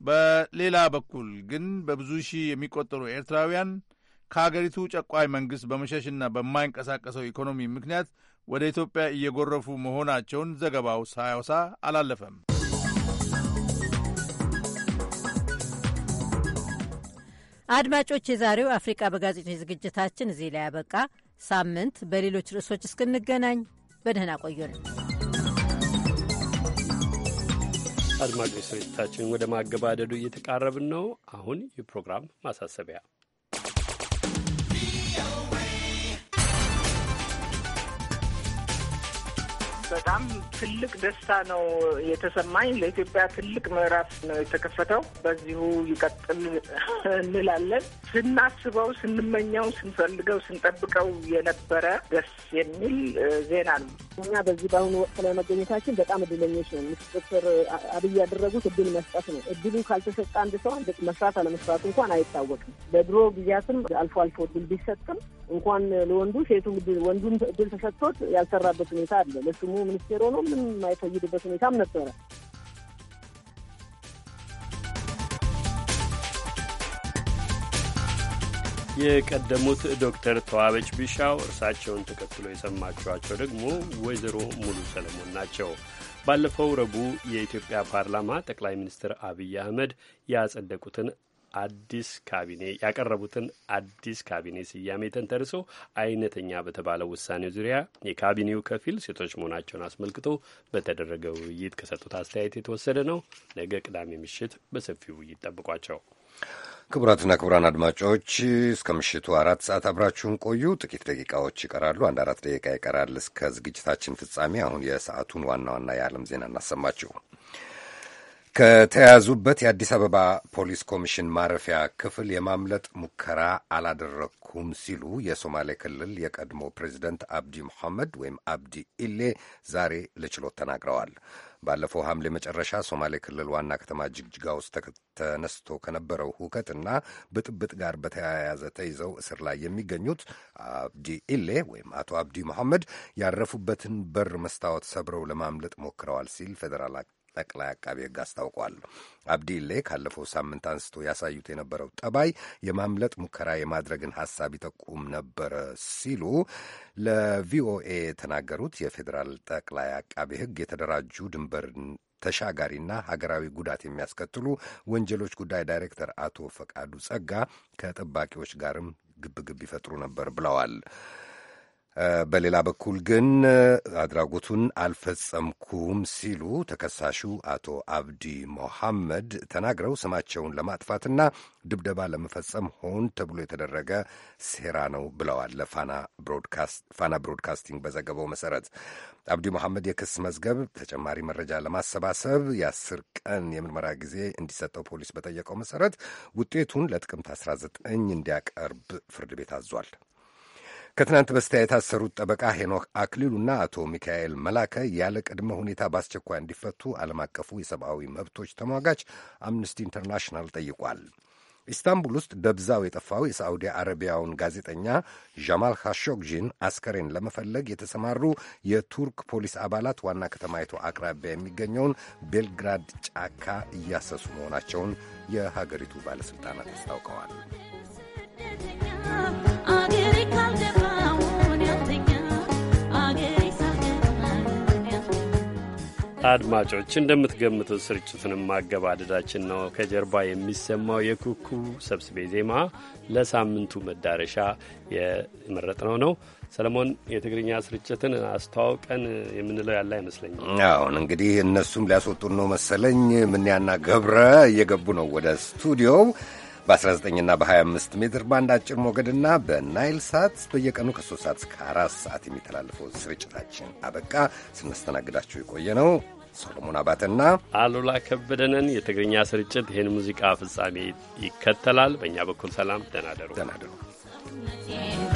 በሌላ በኩል ግን በብዙ ሺህ የሚቆጠሩ ኤርትራውያን ከሀገሪቱ ጨቋይ መንግሥት በመሸሽና በማይንቀሳቀሰው ኢኮኖሚ ምክንያት ወደ ኢትዮጵያ እየጎረፉ መሆናቸውን ዘገባው ሳያውሳ አላለፈም። አድማጮች፣ የዛሬው አፍሪቃ በጋዜጦች ዝግጅታችን እዚህ ላይ ያበቃ። ሳምንት በሌሎች ርዕሶች እስክንገናኝ በደህና ቆዩ ነው። አድማጮች ስርጭታችን ወደ ማገባደዱ እየተቃረብን ነው። አሁን የፕሮግራም ማሳሰቢያ በጣም ትልቅ ደስታ ነው የተሰማኝ። ለኢትዮጵያ ትልቅ ምዕራፍ ነው የተከፈተው። በዚሁ ይቀጥል እንላለን። ስናስበው፣ ስንመኘው፣ ስንፈልገው፣ ስንጠብቀው የነበረ ደስ የሚል ዜና ነው። እኛ በዚህ በአሁኑ ወቅት ላይ መገኘታችን በጣም እድለኞች ነው። ዶክተር አብይ ያደረጉት እድል መስጠት ነው። እድሉ ካልተሰጠ አንድ ሰው መስራት አለመስራቱ እንኳን አይታወቅም። በድሮ ጊዜያትም አልፎ አልፎ እድል ቢሰጥም እንኳን ለወንዱ ሴቱ ወንዱም እድል ተሰጥቶት ያልሰራበት ሁኔታ አለ። ለስሙ ሚኒስቴር ሆኖ ምንም የማይፈይድበት ሁኔታም ነበረ። የቀደሙት ዶክተር ተዋበች ቢሻው እርሳቸውን ተከትሎ የሰማችኋቸው ደግሞ ወይዘሮ ሙሉ ሰለሞን ናቸው። ባለፈው ረቡዕ የኢትዮጵያ ፓርላማ ጠቅላይ ሚኒስትር አብይ አህመድ ያጸደቁትን አዲስ ካቢኔ ያቀረቡትን አዲስ ካቢኔ ስያሜ ተንተርሶ አይነተኛ በተባለው ውሳኔ ዙሪያ የካቢኔው ከፊል ሴቶች መሆናቸውን አስመልክቶ በተደረገ ውይይት ከሰጡት አስተያየት የተወሰደ ነው። ነገ ቅዳሜ ምሽት በሰፊው ውይይት ጠብቋቸው። ክቡራትና ክቡራን አድማጮች እስከ ምሽቱ አራት ሰዓት አብራችሁን ቆዩ። ጥቂት ደቂቃዎች ይቀራሉ። አንድ አራት ደቂቃ ይቀራል እስከ ዝግጅታችን ፍጻሜ። አሁን የሰዓቱን ዋና ዋና የዓለም ዜና እናሰማችሁ። ከተያዙበት የአዲስ አበባ ፖሊስ ኮሚሽን ማረፊያ ክፍል የማምለጥ ሙከራ አላደረግኩም ሲሉ የሶማሌ ክልል የቀድሞ ፕሬዚደንት አብዲ ሙሐመድ ወይም አብዲ ኢሌ ዛሬ ለችሎት ተናግረዋል። ባለፈው ሐምሌ መጨረሻ ሶማሌ ክልል ዋና ከተማ ጅግጅጋ ውስጥ ተነስቶ ከነበረው ሁከትና ብጥብጥ ጋር በተያያዘ ተይዘው እስር ላይ የሚገኙት አብዲ ኢሌ ወይም አቶ አብዲ መሐመድ ያረፉበትን በር መስታወት ሰብረው ለማምለጥ ሞክረዋል ሲል ፌዴራል ጠቅላይ አቃቤ ሕግ አስታውቋል። አብዲሌ ካለፈው ሳምንት አንስቶ ያሳዩት የነበረው ጠባይ የማምለጥ ሙከራ የማድረግን ሀሳብ ይጠቁም ነበረ ሲሉ ለቪኦኤ የተናገሩት የፌዴራል ጠቅላይ አቃቤ ሕግ የተደራጁ ድንበር ተሻጋሪና ሀገራዊ ጉዳት የሚያስከትሉ ወንጀሎች ጉዳይ ዳይሬክተር አቶ ፈቃዱ ጸጋ ከጠባቂዎች ጋርም ግብግብ ይፈጥሩ ነበር ብለዋል። በሌላ በኩል ግን አድራጎቱን አልፈጸምኩም ሲሉ ተከሳሹ አቶ አብዲ ሞሐመድ ተናግረው ስማቸውን ለማጥፋትና ድብደባ ለመፈጸም ሆን ተብሎ የተደረገ ሴራ ነው ብለዋል። ለፋና ብሮድካስቲንግ በዘገበው መሰረት አብዲ ሞሐመድ የክስ መዝገብ ተጨማሪ መረጃ ለማሰባሰብ የአስር ቀን የምርመራ ጊዜ እንዲሰጠው ፖሊስ በጠየቀው መሰረት ውጤቱን ለጥቅምት 19 እንዲያቀርብ ፍርድ ቤት አዟል። ከትናንት በስቲያ የታሰሩት ጠበቃ ሄኖክ አክሊሉና አቶ ሚካኤል መላከ ያለ ቅድመ ሁኔታ በአስቸኳይ እንዲፈቱ ዓለም አቀፉ የሰብአዊ መብቶች ተሟጋች አምነስቲ ኢንተርናሽናል ጠይቋል። ኢስታንቡል ውስጥ ደብዛው የጠፋው የሳዑዲ አረቢያውን ጋዜጠኛ ዣማል ካሾግጂን አስከሬን ለመፈለግ የተሰማሩ የቱርክ ፖሊስ አባላት ዋና ከተማይቱ አቅራቢያ የሚገኘውን ቤልግራድ ጫካ እያሰሱ መሆናቸውን የሀገሪቱ ባለሥልጣናት አስታውቀዋል። አድማጮች እንደምትገምቱት ስርጭቱንም ማገባደዳችን ነው። ከጀርባ የሚሰማው የኩኩ ሰብስቤ ዜማ ለሳምንቱ መዳረሻ የመረጥነው ነው። ሰለሞን የትግርኛ ስርጭትን አስተዋውቀን የምንለው ያለ አይመስለኝም። አሁን እንግዲህ እነሱም ሊያስወጡን ነው መሰለኝ። ምንያና ገብረ እየገቡ ነው ወደ ስቱዲዮው። በ19ና በ25 ሜትር ባንድ አጭር ሞገድና በናይል ሳት በየቀኑ ከ3 ሰዓት እስከ 4 ሰዓት የሚተላለፈው ስርጭታችን አበቃ። ስናስተናግዳችሁ የቆየ ነው ሰሎሞን አባተና አሉላ ከበደንን። የትግርኛ ስርጭት ይህን ሙዚቃ ፍጻሜ ይከተላል። በእኛ በኩል ሰላም፣ ደናደሩ። ደሩ።